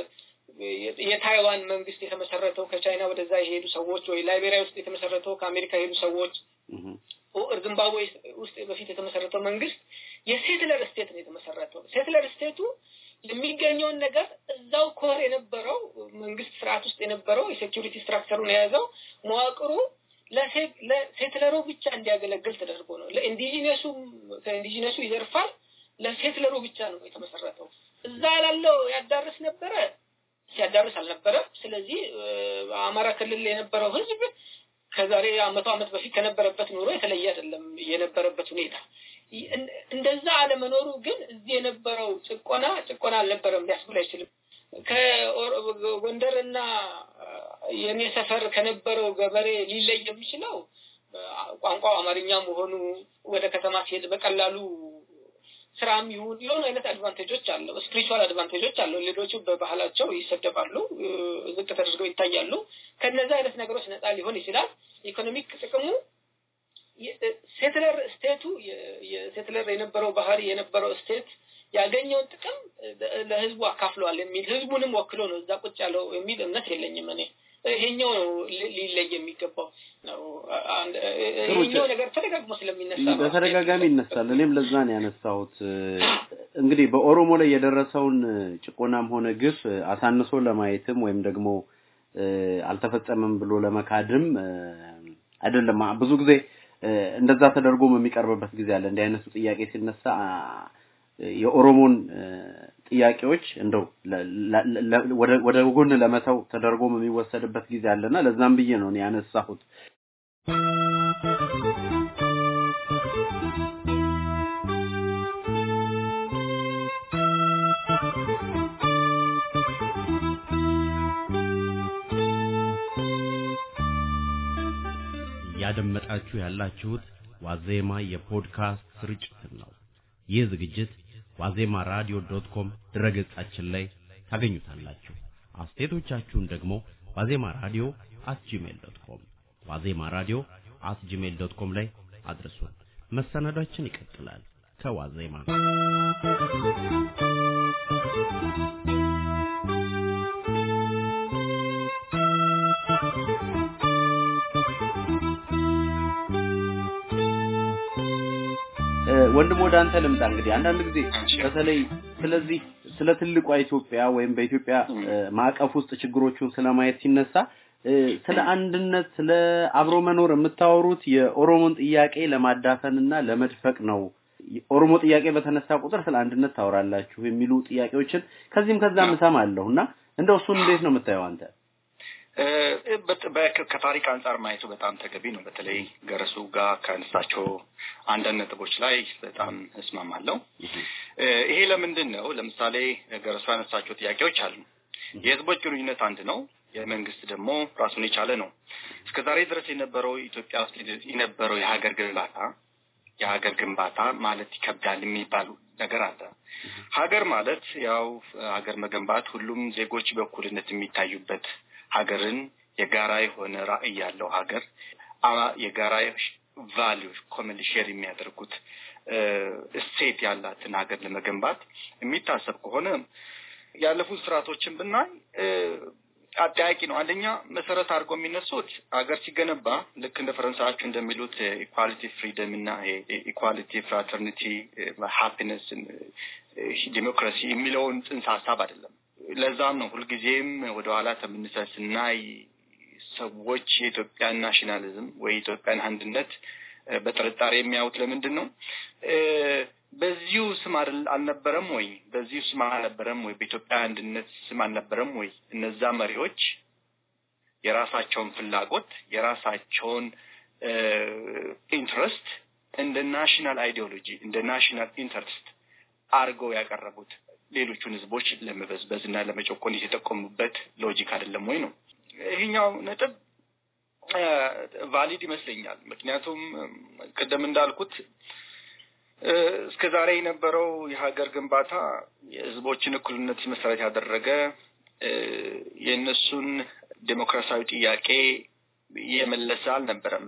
[SPEAKER 2] የታይዋን መንግስት የተመሰረተው ከቻይና ወደዛ የሄዱ ሰዎች ወይ ላይቤሪያ ውስጥ የተመሰረተው ከአሜሪካ የሄዱ ሰዎች፣ ዚምባብዌ ውስጥ በፊት የተመሰረተው መንግስት የሴትለር ስቴት ነው የተመሰረተው። ሴትለር ስቴቱ የሚገኘውን ነገር እዛው ኮር የነበረው መንግስት ስርዓት ውስጥ የነበረው የሴኪሪቲ ስትራክቸሩን የያዘው መዋቅሩ ለሴትለሩ ብቻ እንዲያገለግል ተደርጎ ነው። ለኢንዲጂነሱ ከኢንዲጂነሱ ይዘርፋል፣ ለሴትለሩ ብቻ ነው የተመሰረተው። እዛ ላለው ያዳርስ ነበረ ሲያዳርስ አልነበረም። ስለዚህ አማራ ክልል የነበረው ህዝብ ከዛሬ መቶ ዓመት በፊት ከነበረበት ኑሮ የተለየ አይደለም የነበረበት ሁኔታ እንደዛ አለመኖሩ ግን እዚህ የነበረው ጭቆና ጭቆና አልነበረም ሊያስብል አይችልም። ከጎንደርና የኔ ሰፈር ከነበረው ገበሬ ሊለይ የሚችለው ቋንቋው አማርኛ መሆኑ ወደ ከተማ ሲሄድ በቀላሉ ስራም ይሁን የሆኑ አይነት አድቫንቴጆች አለው። ስፕሪቹዋል አድቫንቴጆች አለው። ሌሎቹ በባህላቸው ይሰደባሉ፣ ዝቅ ተደርገው ይታያሉ። ከነዚ አይነት ነገሮች ነፃ ሊሆን ይችላል። ኢኮኖሚክ ጥቅሙ ሴትለር ስቴቱ ሴትለር የነበረው ባህሪ የነበረው ስቴት ያገኘውን ጥቅም ለህዝቡ አካፍለዋል የሚል ህዝቡንም ወክሎ ነው እዛ ቁጭ ያለው የሚል እምነት የለኝም እኔ። ይሄኛው ነው ሊለይ የሚገባው ነው። ይሄኛው ነገር ተደጋግሞ ስለሚነሳ
[SPEAKER 1] በተደጋጋሚ ይነሳል። እኔም ለዛ ነው ያነሳሁት። እንግዲህ በኦሮሞ ላይ የደረሰውን ጭቆናም ሆነ ግፍ አሳንሶ ለማየትም ወይም ደግሞ አልተፈጸመም ብሎ ለመካድም አይደለም ብዙ ጊዜ እንደዛ ተደርጎም የሚቀርብበት ጊዜ አለ። እንዲህ አይነቱ ጥያቄ ሲነሳ የኦሮሞን ጥያቄዎች እንደው ወደ ጎን ለመተው ተደርጎም የሚወሰድበት ጊዜ አለና ለዛም ብዬ ነው ያነሳሁት። እያደመጣችሁ ያላችሁት ዋዜማ የፖድካስት ስርጭት ነው። ይህ ዝግጅት ዋዜማ ራዲዮ ዶት ኮም ድረገጻችን ላይ ታገኙታላችሁ። አስተያየቶቻችሁን ደግሞ ዋዜማ ራዲዮ አት ጂሜል ዶት ኮም ዋዜማ ራዲዮ አት ጂሜል ዶት ኮም ላይ አድርሱን። መሰናዷችን ይቀጥላል ከዋዜማ ወንድም ወደ አንተ ልምጣ። እንግዲህ አንዳንድ ጊዜ በተለይ ስለዚህ ስለ ትልቋ ኢትዮጵያ ወይም በኢትዮጵያ ማዕቀፍ ውስጥ ችግሮቹን ስለማየት ሲነሳ ስለ አንድነት፣ ስለ አብሮ መኖር የምታወሩት የኦሮሞን ጥያቄ ለማዳፈን እና ለመድፈቅ ነው። ኦሮሞ ጥያቄ በተነሳ ቁጥር ስለ አንድነት ታወራላችሁ የሚሉ ጥያቄዎችን ከዚህም ከዛም እሰማለሁ እና እንደው እሱን እንዴት ነው የምታየው አንተ?
[SPEAKER 3] ከታሪክ አንጻር ማየቱ በጣም ተገቢ ነው። በተለይ ገረሱ ጋር ከነሳቸው አንዳንድ ነጥቦች ላይ በጣም እስማማለሁ። ይሄ ለምንድን ነው? ለምሳሌ ገረሱ ያነሳቸው ጥያቄዎች አሉ። የህዝቦች ግንኙነት አንድ ነው። የመንግስት ደግሞ ራሱን የቻለ ነው። እስከ ዛሬ ድረስ የነበረው ኢትዮጵያ ውስጥ የነበረው የሀገር ግንባታ የሀገር ግንባታ ማለት ይከብዳል የሚባሉ ነገር አለ። ሀገር ማለት ያው ሀገር መገንባት ሁሉም ዜጎች በኩልነት የሚታዩበት ሀገርን የጋራ የሆነ ራዕይ ያለው ሀገር የጋራ ቫሊዩ ኮመን ሼር የሚያደርጉት እሴት ያላትን ሀገር ለመገንባት የሚታሰብ ከሆነ ያለፉት ስርዓቶችን ብናይ አጠያቂ ነው። አንደኛ መሰረት አድርጎ የሚነሱት ሀገር ሲገነባ ልክ እንደ ፈረንሳዮቹ እንደሚሉት ኢኳሊቲ ፍሪደም እና ኢኳሊቲ ፍራተርኒቲ፣ ሃፒነስ፣ ዲሞክራሲ የሚለውን ጽንሰ ሀሳብ አይደለም ለዛም ነው ሁልጊዜም ወደኋላ ተመልሰንና ሰዎች የኢትዮጵያን ናሽናሊዝም ወይ የኢትዮጵያን አንድነት በጥርጣሬ የሚያዩት ለምንድን ነው? በዚሁ ስም አልነበረም ወይ? በዚሁ ስም አልነበረም ወይ? በኢትዮጵያ አንድነት ስም አልነበረም ወይ? እነዛ መሪዎች የራሳቸውን ፍላጎት የራሳቸውን ኢንትረስት እንደ ናሽናል አይዲዮሎጂ እንደ ናሽናል ኢንትረስት አድርገው ያቀረቡት ሌሎቹን ህዝቦች ለመበዝበዝ እና ለመጨቆን የተጠቀሙበት ሎጂክ አይደለም ወይ ነው። ይሄኛው ነጥብ ቫሊድ ይመስለኛል። ምክንያቱም ቅድም እንዳልኩት እስከ ዛሬ የነበረው የሀገር ግንባታ የህዝቦችን እኩልነት መሰረት ያደረገ የእነሱን ዴሞክራሲያዊ ጥያቄ የመለሰ አልነበረም።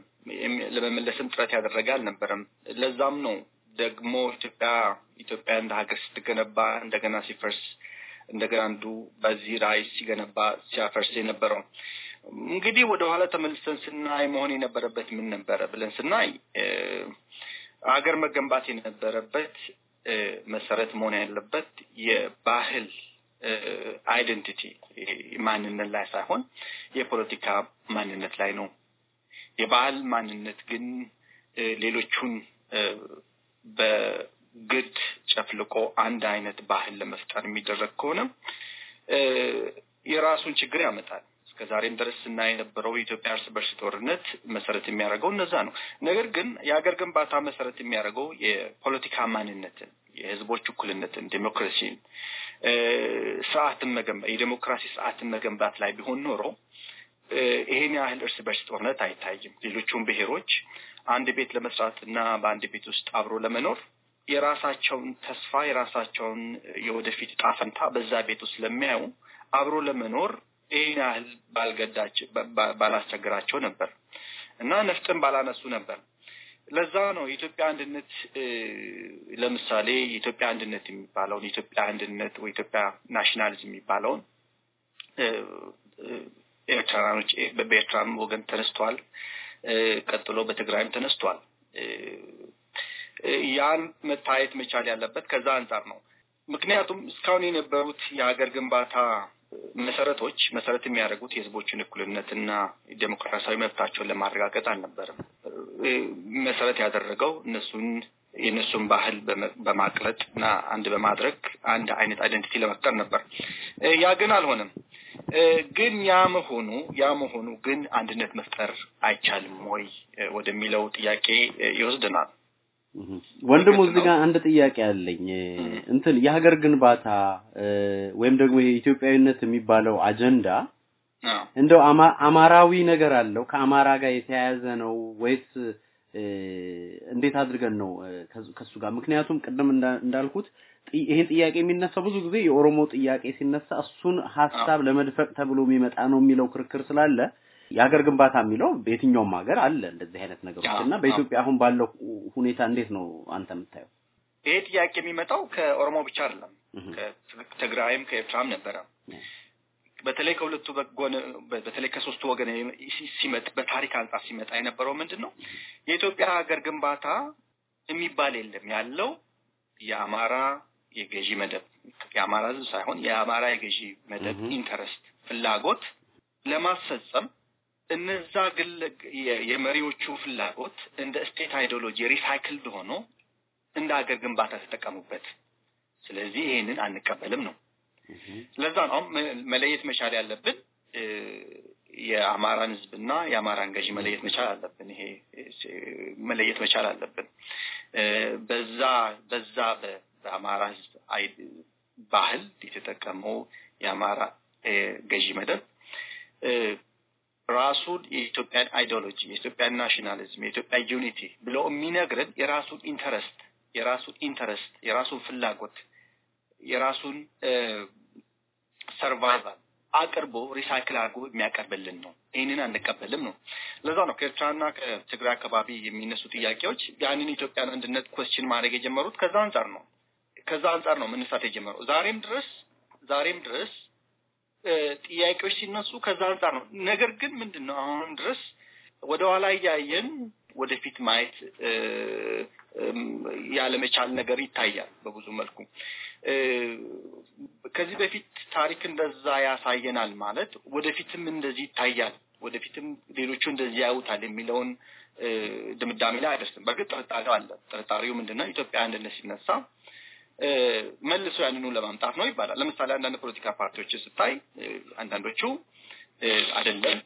[SPEAKER 3] ለመመለስም ጥረት ያደረገ አልነበረም። ለዛም ነው ደግሞ ኢትዮጵያ ኢትዮጵያ እንደ ሀገር ስትገነባ እንደገና ሲፈርስ እንደገና አንዱ በዚህ ራዕይ ሲገነባ ሲያፈርስ የነበረው እንግዲህ ወደ ኋላ ተመልሰን ስናይ መሆን የነበረበት ምን ነበረ ብለን ስናይ ሀገር መገንባት የነበረበት መሰረት መሆን ያለበት የባህል አይደንቲቲ ማንነት ላይ ሳይሆን የፖለቲካ ማንነት ላይ ነው። የባህል ማንነት ግን ሌሎቹን በግድ ጨፍልቆ አንድ አይነት ባህል ለመፍጠር የሚደረግ ከሆነ የራሱን ችግር ያመጣል። እስከ ዛሬም ድረስ ስናይ የነበረው የኢትዮጵያ እርስ በርስ ጦርነት መሰረት የሚያደርገው እነዛ ነው። ነገር ግን የሀገር ግንባታ መሰረት የሚያደርገው የፖለቲካ ማንነትን፣ የህዝቦች እኩልነትን፣ ዴሞክራሲን፣ ስርዓትን መገንባት የዴሞክራሲ ስርዓትን መገንባት ላይ ቢሆን ኖሮ ይሄን ያህል እርስ በርስ ጦርነት አይታይም። ሌሎቹም ብሔሮች አንድ ቤት ለመስራት እና በአንድ ቤት ውስጥ አብሮ ለመኖር የራሳቸውን ተስፋ የራሳቸውን የወደፊት ዕጣ ፈንታ በዛ ቤት ውስጥ ለሚያዩ አብሮ ለመኖር ይህን ያህል ባልገዳቸው ባላስቸግራቸው ነበር እና ነፍጥን ባላነሱ ነበር። ለዛ ነው የኢትዮጵያ አንድነት ለምሳሌ የኢትዮጵያ አንድነት የሚባለውን የኢትዮጵያ አንድነት ወይ ኢትዮጵያ ናሽናሊዝም የሚባለውን ኤርትራኖች በኤርትራም ወገን ተነስተዋል። ቀጥሎ በትግራይም ተነስቷል። ያን መታየት መቻል ያለበት ከዛ አንጻር ነው። ምክንያቱም እስካሁን የነበሩት የሀገር ግንባታ መሰረቶች መሰረት የሚያደርጉት የህዝቦችን እኩልነትና ዴሞክራሲያዊ መብታቸውን ለማረጋገጥ አልነበረም። መሰረት ያደረገው እነሱን የእነሱን ባህል በማቅለጥ እና አንድ በማድረግ አንድ አይነት አይደንቲቲ ለመፍጠር ነበር። ያ ግን አልሆነም። ግን ያ መሆኑ ያ መሆኑ ግን አንድነት መፍጠር አይቻልም ወይ ወደሚለው ጥያቄ ይወስድናል። ወንድሙ እዚህ ጋር
[SPEAKER 1] አንድ ጥያቄ አለኝ። እንትን የሀገር ግንባታ ወይም ደግሞ የኢትዮጵያዊነት የሚባለው አጀንዳ እንደው አማራዊ ነገር አለው ከአማራ ጋር የተያያዘ ነው ወይስ እንዴት አድርገን ነው ከሱ ጋር? ምክንያቱም ቅድም እንዳልኩት ይሄን ጥያቄ የሚነሳው ብዙ ጊዜ የኦሮሞ ጥያቄ ሲነሳ እሱን ሀሳብ ለመድፈቅ ተብሎ የሚመጣ ነው የሚለው ክርክር ስላለ የሀገር ግንባታ የሚለው በየትኛውም ሀገር አለ እንደዚህ አይነት ነገሮች እና በኢትዮጵያ አሁን ባለው ሁኔታ እንዴት ነው አንተ የምታየው?
[SPEAKER 3] ይሄ ጥያቄ የሚመጣው ከኦሮሞ ብቻ አይደለም፣ ከትግራይም ከኤርትራም ነበረ። በተለይ ከሁለቱ በተለይ ከሶስቱ ወገን ሲመጥ በታሪክ አንጻር ሲመጣ የነበረው ምንድን ነው? የኢትዮጵያ ሀገር ግንባታ የሚባል የለም ያለው የአማራ የገዢ መደብ የአማራ ህዝብ ሳይሆን የአማራ የገዢ መደብ ኢንተረስት ፍላጎት ለማስፈጸም እነዛ ግል የመሪዎቹ ፍላጎት እንደ ስቴት አይዲዮሎጂ ሪሳይክልድ ሆኖ እንደ አገር ግንባታ ተጠቀሙበት። ስለዚህ ይሄንን አንቀበልም ነው። ለዛ ነው መለየት መቻል ያለብን የአማራን ህዝብና የአማራን ገዢ መለየት መቻል አለብን። ይሄ መለየት መቻል አለብን። በዛ በዛ በአማራ ህዝብ ባህል የተጠቀመው የአማራ ገዢ መደብ ራሱ የኢትዮጵያን አይዲዮሎጂ፣ የኢትዮጵያን ናሽናሊዝም፣ የኢትዮጵያ ዩኒቲ ብሎ የሚነግርን የራሱን ኢንተረስት የራሱን ኢንተረስት የራሱን ፍላጎት የራሱን ሰርቫይቫል አቅርቦ ሪሳይክል አድርጎ የሚያቀርብልን ነው። ይህንን አንቀበልም ነው። ለዛ ነው ከኤርትራና ከትግራይ አካባቢ የሚነሱ ጥያቄዎች ያንን ኢትዮጵያን አንድነት ኮስችን ማድረግ የጀመሩት ከዛ አንጻር ነው። ከዛ አንጻር ነው መነሳት የጀመረው። ዛሬም ድረስ ዛሬም ድረስ ጥያቄዎች ሲነሱ ከዛ አንጻር ነው። ነገር ግን ምንድን ነው አሁንም ድረስ ወደኋላ እያየን ወደፊት ማየት ያለመቻል ነገር ይታያል በብዙ መልኩ። ከዚህ በፊት ታሪክ እንደዛ ያሳየናል ማለት ወደፊትም እንደዚህ ይታያል፣ ወደፊትም ሌሎቹ እንደዚህ ያዩታል የሚለውን ድምዳሜ ላይ አይደርስም። በእርግጥ ጥርጣሬው አለ። ጥርጣሬው ምንድን ነው? ኢትዮጵያ አንድነት ሲነሳ መልሶ ያንኑ ለማምጣት ነው ይባላል። ለምሳሌ አንዳንድ ፖለቲካ ፓርቲዎች ስታይ አንዳንዶቹ አይደለም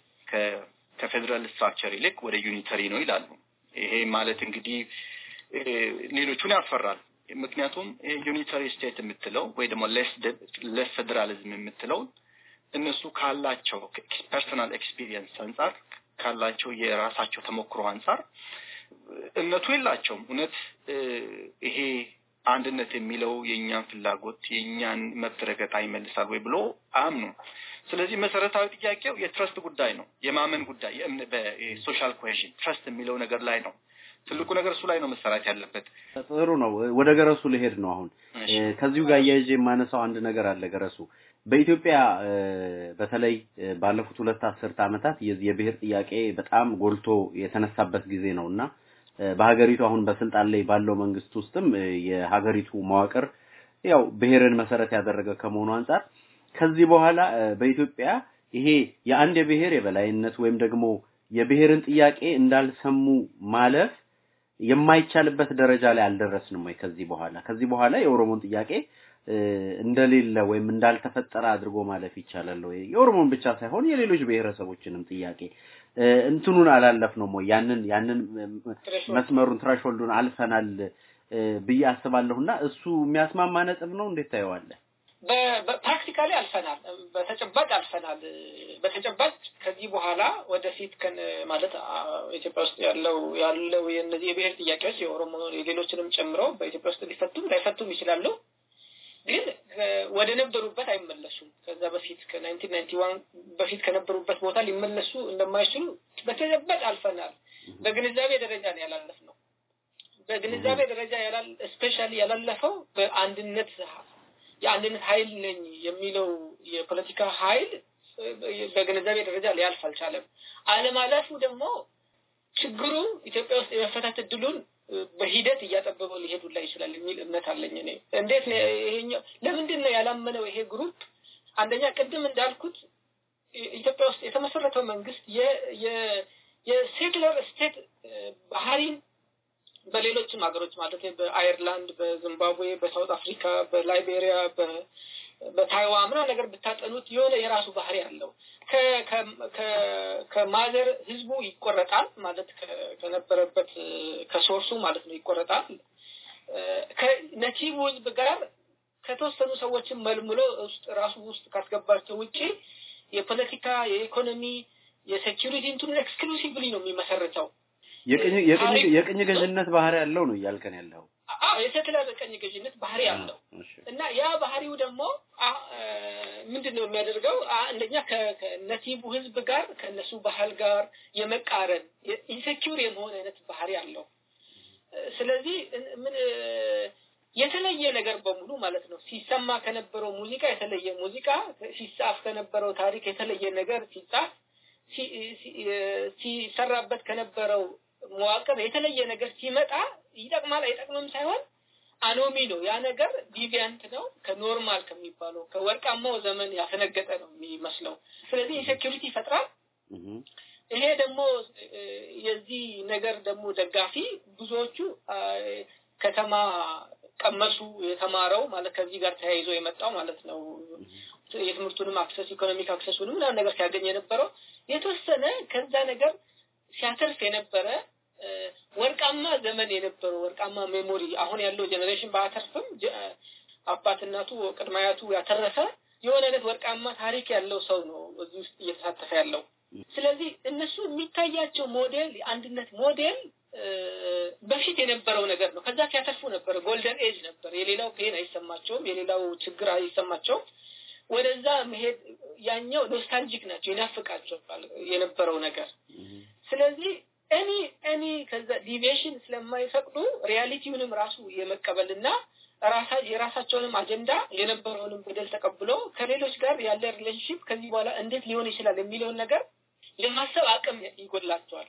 [SPEAKER 3] ከፌዴራል ስትራክቸር ይልቅ ወደ ዩኒተሪ ነው ይላሉ። ይሄ ማለት እንግዲህ ሌሎቹን ያስፈራል። ምክንያቱም ዩኒተሪ ስቴት የምትለው ወይ ደግሞ ሌስ ፌዴራሊዝም የምትለው እነሱ ካላቸው ፐርሰናል ኤክስፒሪየንስ አንጻር ካላቸው የራሳቸው ተሞክሮ አንጻር እምነቱ የላቸውም። እውነት ይሄ አንድነት የሚለው የእኛን ፍላጎት የእኛን መብት ረገጣ ይመልሳል ወይ ብሎ አምኑ ስለዚህ መሰረታዊ ጥያቄው የትረስት ጉዳይ ነው፣ የማመን ጉዳይ በሶሻል ኮሄዥን ትረስት የሚለው ነገር ላይ ነው። ትልቁ ነገር እሱ ላይ ነው መሰራት ያለበት።
[SPEAKER 1] ጥሩ ነው። ወደ ገረሱ ልሄድ ነው አሁን። ከዚሁ ጋር እያይዤ የማነሳው አንድ ነገር አለ። ገረሱ በኢትዮጵያ በተለይ ባለፉት ሁለት አስርት ዓመታት የብሔር ጥያቄ በጣም ጎልቶ የተነሳበት ጊዜ ነው እና በሀገሪቱ አሁን በስልጣን ላይ ባለው መንግስት ውስጥም የሀገሪቱ መዋቅር ያው ብሔርን መሰረት ያደረገ ከመሆኑ አንጻር ከዚህ በኋላ በኢትዮጵያ ይሄ የአንድ የብሔር የበላይነት ወይም ደግሞ የብሔርን ጥያቄ እንዳልሰሙ ማለፍ የማይቻልበት ደረጃ ላይ አልደረስንም ወይ? ከዚህ በኋላ ከዚህ በኋላ የኦሮሞን ጥያቄ እንደሌለ ወይም እንዳልተፈጠረ አድርጎ ማለፍ ይቻላል ወይ? የኦሮሞን ብቻ ሳይሆን የሌሎች ብሔረሰቦችንም ጥያቄ እንትኑን አላለፍ ነው ያንን ያንን መስመሩን ትራሽሆልዱን አልፈናል ብዬ አስባለሁና እሱ የሚያስማማ ነጥብ ነው እንዴት ታየዋለ
[SPEAKER 2] በፕራክቲካሊ አልፈናል፣ በተጨባጭ አልፈናል። በተጨባጭ ከዚህ በኋላ ወደፊት ከን ማለት ኢትዮጵያ ውስጥ ያለው ያለው የነዚህ የብሄር ጥያቄዎች የኦሮሞ የሌሎችንም ጨምረው በኢትዮጵያ ውስጥ ሊፈቱም ላይፈቱም ይችላሉ። ግን ወደ ነበሩበት አይመለሱም። ከዛ በፊት ከናይንቲን ናይንቲ ዋን በፊት ከነበሩበት ቦታ ሊመለሱ እንደማይችሉ በተጨባጭ አልፈናል። በግንዛቤ ደረጃ ነው ያላለፍ ነው። በግንዛቤ ደረጃ ስፔሻሊ ያላለፈው በአንድነት የአንድነት ኃይል ነኝ የሚለው የፖለቲካ ኃይል በግንዛቤ ደረጃ ሊያልፍ አልቻለም። አለማለፉ ደግሞ ችግሩ ኢትዮጵያ ውስጥ የመፈታት እድሉን በሂደት እያጠበበው ሊሄዱላ ይችላል የሚል እምነት አለኝ። እኔ እንዴት ይሄኛው ለምንድን ነው ያላመነው ይሄ ግሩፕ? አንደኛ ቅድም እንዳልኩት ኢትዮጵያ ውስጥ የተመሰረተው መንግስት የሴክለር ስቴት ባህሪን በሌሎችም ሀገሮች ማለት በአየርላንድ፣ በዚምባብዌ፣ በሳውት አፍሪካ፣ በላይቤሪያ፣ በታይዋን ምና ነገር ብታጠኑት የሆነ የራሱ ባህሪ አለው። ከማዘር ህዝቡ ይቆረጣል ማለት ከነበረበት ከሶርሱ ማለት ነው ይቆረጣል። ከነቲቭ ህዝብ ጋር ከተወሰኑ ሰዎችን መልምሎ ውስጥ ራሱ ውስጥ ካስገባቸው ውጭ የፖለቲካ፣ የኢኮኖሚ፣ የሴኪሪቲ እንትኑን ኤክስክሉሲቭሊ ነው የሚመሰረተው። የቅኝ
[SPEAKER 1] ገዥነት ባህር ያለው ነው እያልከን
[SPEAKER 2] ያለው የተክለ በቀኝ ገዥነት ባህሪ አለው እና ያ ባህሪው ደግሞ ምንድን ነው የሚያደርገው? አንደኛ ከነሲቡ ህዝብ ጋር ከነሱ ባህል ጋር የመቃረን ኢንሴኪር የመሆን አይነት ባህሪ አለው። ስለዚህ ምን የተለየ ነገር በሙሉ ማለት ነው ሲሰማ ከነበረው ሙዚቃ የተለየ ሙዚቃ፣ ሲጻፍ ከነበረው ታሪክ የተለየ ነገር ሲጻፍ፣ ሲሰራበት ከነበረው መዋቅር የተለየ ነገር ሲመጣ ይጠቅማል አይጠቅምም ሳይሆን አኖሚ ነው። ያ ነገር ዲቪያንት ነው፣ ከኖርማል ከሚባለው ከወርቃማው ዘመን ያፈነገጠ ነው የሚመስለው። ስለዚህ ኢንሴኪሪቲ ይፈጥራል። ይሄ ደግሞ የዚህ ነገር ደግሞ ደጋፊ ብዙዎቹ ከተማ ቀመሱ የተማረው ማለት ከዚህ ጋር ተያይዞ የመጣው ማለት ነው። የትምህርቱንም አክሰስ ኢኮኖሚክ አክሰሱንም ምናምን ነገር ሲያገኝ የነበረው የተወሰነ ከዛ ነገር ሲያተርፍ የነበረ ወርቃማ ዘመን የነበረው ወርቃማ ሜሞሪ አሁን ያለው ጀኔሬሽን ባተርፍም አባት እናቱ ያተረፈ የሆነ አይነት ወርቃማ ታሪክ ያለው ሰው ነው እዚህ ውስጥ እየተሳተፈ ያለው። ስለዚህ እነሱ የሚታያቸው ሞዴል የአንድነት ሞዴል በፊት የነበረው ነገር ነው። ከዛ ሲያተርፉ ነበር። ጎልደን ኤጅ ነበር። የሌላው ፔን አይሰማቸውም፣ የሌላው ችግር አይሰማቸውም። ወደዛ መሄድ ያኛው ኖስታልጂክ ናቸው፣ ይናፍቃቸዋል የነበረው ነገር። ስለዚህ እኔ እኔ ከዛ ዲቪሽን ስለማይፈቅዱ ሪያሊቲውንም ራሱ የመቀበልና ራሳ የራሳቸውንም አጀንዳ የነበረውንም በደል ተቀብሎ ከሌሎች ጋር ያለ ሪሌሽንሽፕ ከዚህ በኋላ እንዴት ሊሆን ይችላል የሚለውን ነገር የማሰብ አቅም ይጎድላቸዋል።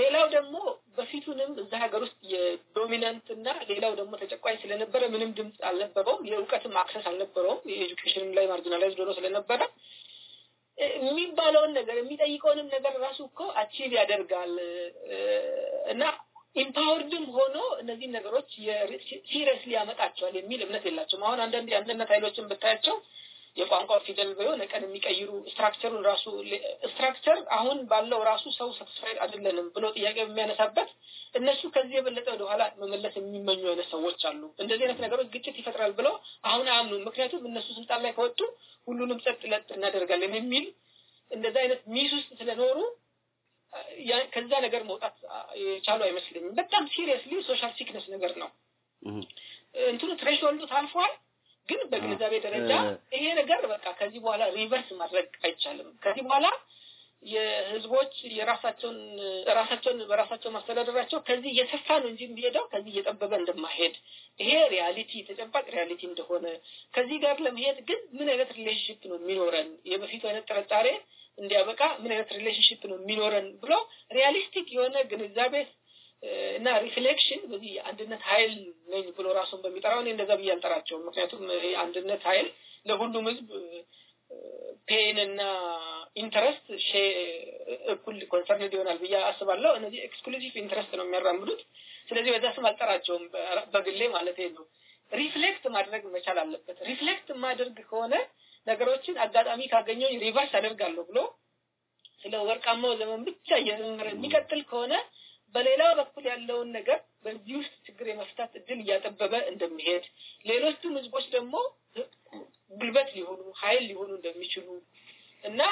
[SPEAKER 2] ሌላው ደግሞ በፊቱንም እዛ ሀገር ውስጥ የዶሚናንት እና ሌላው ደግሞ ተጨቋኝ ስለነበረ ምንም ድምፅ አልነበረውም። የእውቀትም አክሰስ አልነበረውም። የኤጁኬሽንም ላይ ማርጂናላይዝ ሆኖ ስለነበረ የሚባለውን ነገር የሚጠይቀውንም ነገር ራሱ እኮ አቺቭ ያደርጋል እና ኢምፓወርድም ሆኖ እነዚህ ነገሮች ሲሪስ ሊያመጣቸዋል የሚል እምነት የላቸውም። አሁን አንዳንድ የአንድነት ኃይሎችን ብታያቸው የቋንቋ ፊደል በሆነ ቀን የሚቀይሩ ስትራክቸሩን ራሱ ስትራክቸር አሁን ባለው ራሱ ሰው ሳትስፋይድ አይደለንም ብሎ ጥያቄ የሚያነሳበት እነሱ ከዚህ የበለጠ ወደኋላ መመለስ የሚመኙ አይነት ሰዎች አሉ። እንደዚህ አይነት ነገሮች ግጭት ይፈጥራል ብለው አሁን አያምኑ። ምክንያቱም እነሱ ስልጣን ላይ ከወጡ ሁሉንም ጸጥ ለጥ እናደርጋለን የሚል እንደዚ አይነት ሚስ ውስጥ ስለኖሩ ከዛ ነገር መውጣት የቻሉ አይመስለኝም። በጣም ሲሪየስሊ ሶሻል ሲክነስ ነገር ነው። እንትኑ ትሬሽሆልዱ ታልፏል። ግን በግንዛቤ ደረጃ ይሄ ነገር በቃ ከዚህ በኋላ ሪቨርስ ማድረግ አይቻልም። ከዚህ በኋላ የህዝቦች የራሳቸውን ራሳቸውን በራሳቸው ማስተዳደራቸው ከዚህ እየሰፋ ነው እንጂ የሚሄደው ከዚህ እየጠበበ እንደማሄድ ይሄ ሪያሊቲ ተጨባጭ ሪያሊቲ እንደሆነ ከዚህ ጋር ለመሄድ ግን ምን አይነት ሪሌሽንሽፕ ነው የሚኖረን የበፊቱ አይነት ጥርጣሬ እንዲያበቃ ምን አይነት ሪሌሽንሽፕ ነው የሚኖረን ብሎ ሪያሊስቲክ የሆነ ግንዛቤ እና ሪፍሌክሽን በዚህ አንድነት ሀይል ነኝ ብሎ ራሱን በሚጠራው እኔ እንደዛ ብዬ አልጠራቸውም ምክንያቱም አንድነት ሀይል ለሁሉም ህዝብ ፔን እና ኢንትረስት eh, እኩል ኮንሰርን ይሆናል ብዬ አስባለሁ። እነዚህ ኤክስክሉሲቭ ኢንትረስት ነው የሚያራምዱት። ስለዚህ በዛ ስም አልጠራቸውም፣ በግሌ ማለት ነው። ሪፍሌክት ማድረግ መቻል አለበት። ሪፍሌክት የማደርግ ከሆነ ነገሮችን አጋጣሚ ካገኘሁኝ ሪቨርስ አደርጋለሁ ብሎ ስለ ወርቃማው ዘመን ብቻ እየዘመረ የሚቀጥል ከሆነ በሌላው በኩል ያለውን ነገር በዚህ ውስጥ ችግር የመፍታት እድል እያጠበበ እንደሚሄድ ሌሎቹም ህዝቦች ደግሞ ጉልበት ሊሆኑ ኃይል ሊሆኑ እንደሚችሉ እና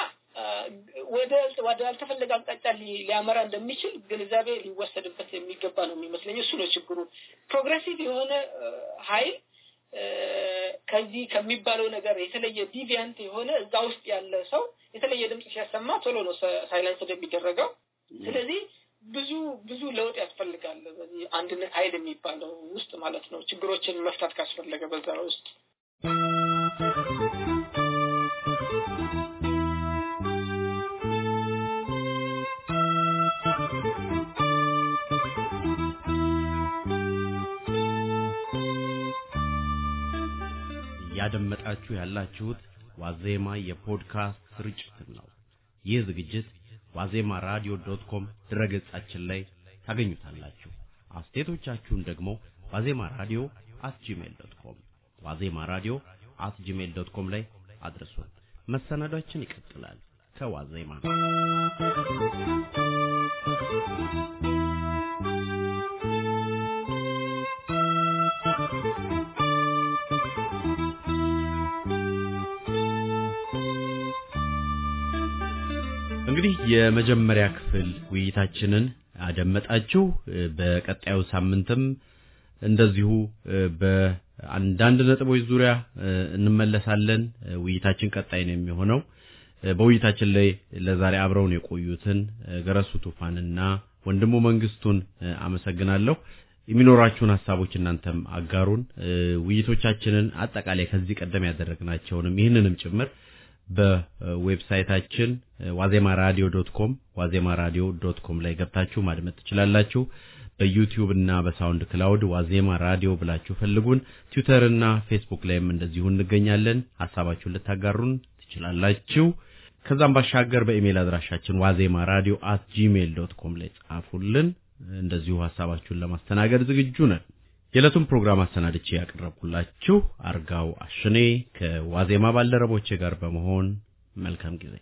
[SPEAKER 2] ወደ ወዳልተፈለገ አቅጣጫ ሊያመራ እንደሚችል ግንዛቤ ሊወሰድበት የሚገባ ነው የሚመስለኝ። እሱ ነው ችግሩ። ፕሮግረሲቭ የሆነ ኃይል ከዚህ ከሚባለው ነገር የተለየ ዲቪያንት የሆነ እዛ ውስጥ ያለ ሰው የተለየ ድምፅ ሲያሰማ ቶሎ ነው ሳይለንስ እንደሚደረገው። ስለዚህ ብዙ ብዙ ለውጥ ያስፈልጋል በዚህ አንድነት ኃይል የሚባለው ውስጥ ማለት ነው ችግሮችን መፍታት ካስፈለገ በዛ ውስጥ
[SPEAKER 4] እያደመጣችሁ
[SPEAKER 1] ያላችሁት ዋዜማ የፖድካስት ስርጭት ነው። ይህ ዝግጅት ዋዜማ ራዲዮ ዶት ኮም ድረገጻችን ላይ ታገኙታላችሁ። አስተያየቶቻችሁን ደግሞ ዋዜማ ራዲዮ አት ጂሜል ዶት ኮም ዋዜማ ራዲዮ አት ጂሜል ዶት ኮም ላይ አድርሱን። መሰናዷችን ይቀጥላል። ከዋዜማ እንግዲህ የመጀመሪያ ክፍል ውይይታችንን አደመጣችሁ። በቀጣዩ ሳምንትም እንደዚሁ በ አንዳንድ ነጥቦች ዙሪያ እንመለሳለን። ውይይታችን ቀጣይ ነው የሚሆነው። በውይይታችን ላይ ለዛሬ አብረውን የቆዩትን ገረሱ ቱፋንና ወንድሙ መንግስቱን አመሰግናለሁ። የሚኖራችሁን ሀሳቦች እናንተም አጋሩን። ውይይቶቻችንን አጠቃላይ ከዚህ ቀደም ያደረግናቸውንም ይህንንም ጭምር በዌብሳይታችን ዋዜማ ራዲዮ ዶት ኮም ዋዜማ ራዲዮ ዶት ኮም ላይ ገብታችሁ ማድመጥ ትችላላችሁ። በዩቲዩብ እና በሳውንድ ክላውድ ዋዜማ ራዲዮ ብላችሁ ፈልጉን። ትዊተርና ፌስቡክ ላይም እንደዚሁ እንገኛለን። ሀሳባችሁን ልታጋሩን ትችላላችሁ። ከዛም ባሻገር በኢሜይል አድራሻችን ዋዜማ ራዲዮ አት ጂሜል ዶት ኮም ላይ ጻፉልን። እንደዚሁ ሀሳባችሁን ለማስተናገድ ዝግጁ ነን። የዕለቱን ፕሮግራም አሰናድቼ ያቀረብኩላችሁ አርጋው አሽኔ ከዋዜማ ባልደረቦቼ ጋር በመሆን መልካም ጊዜ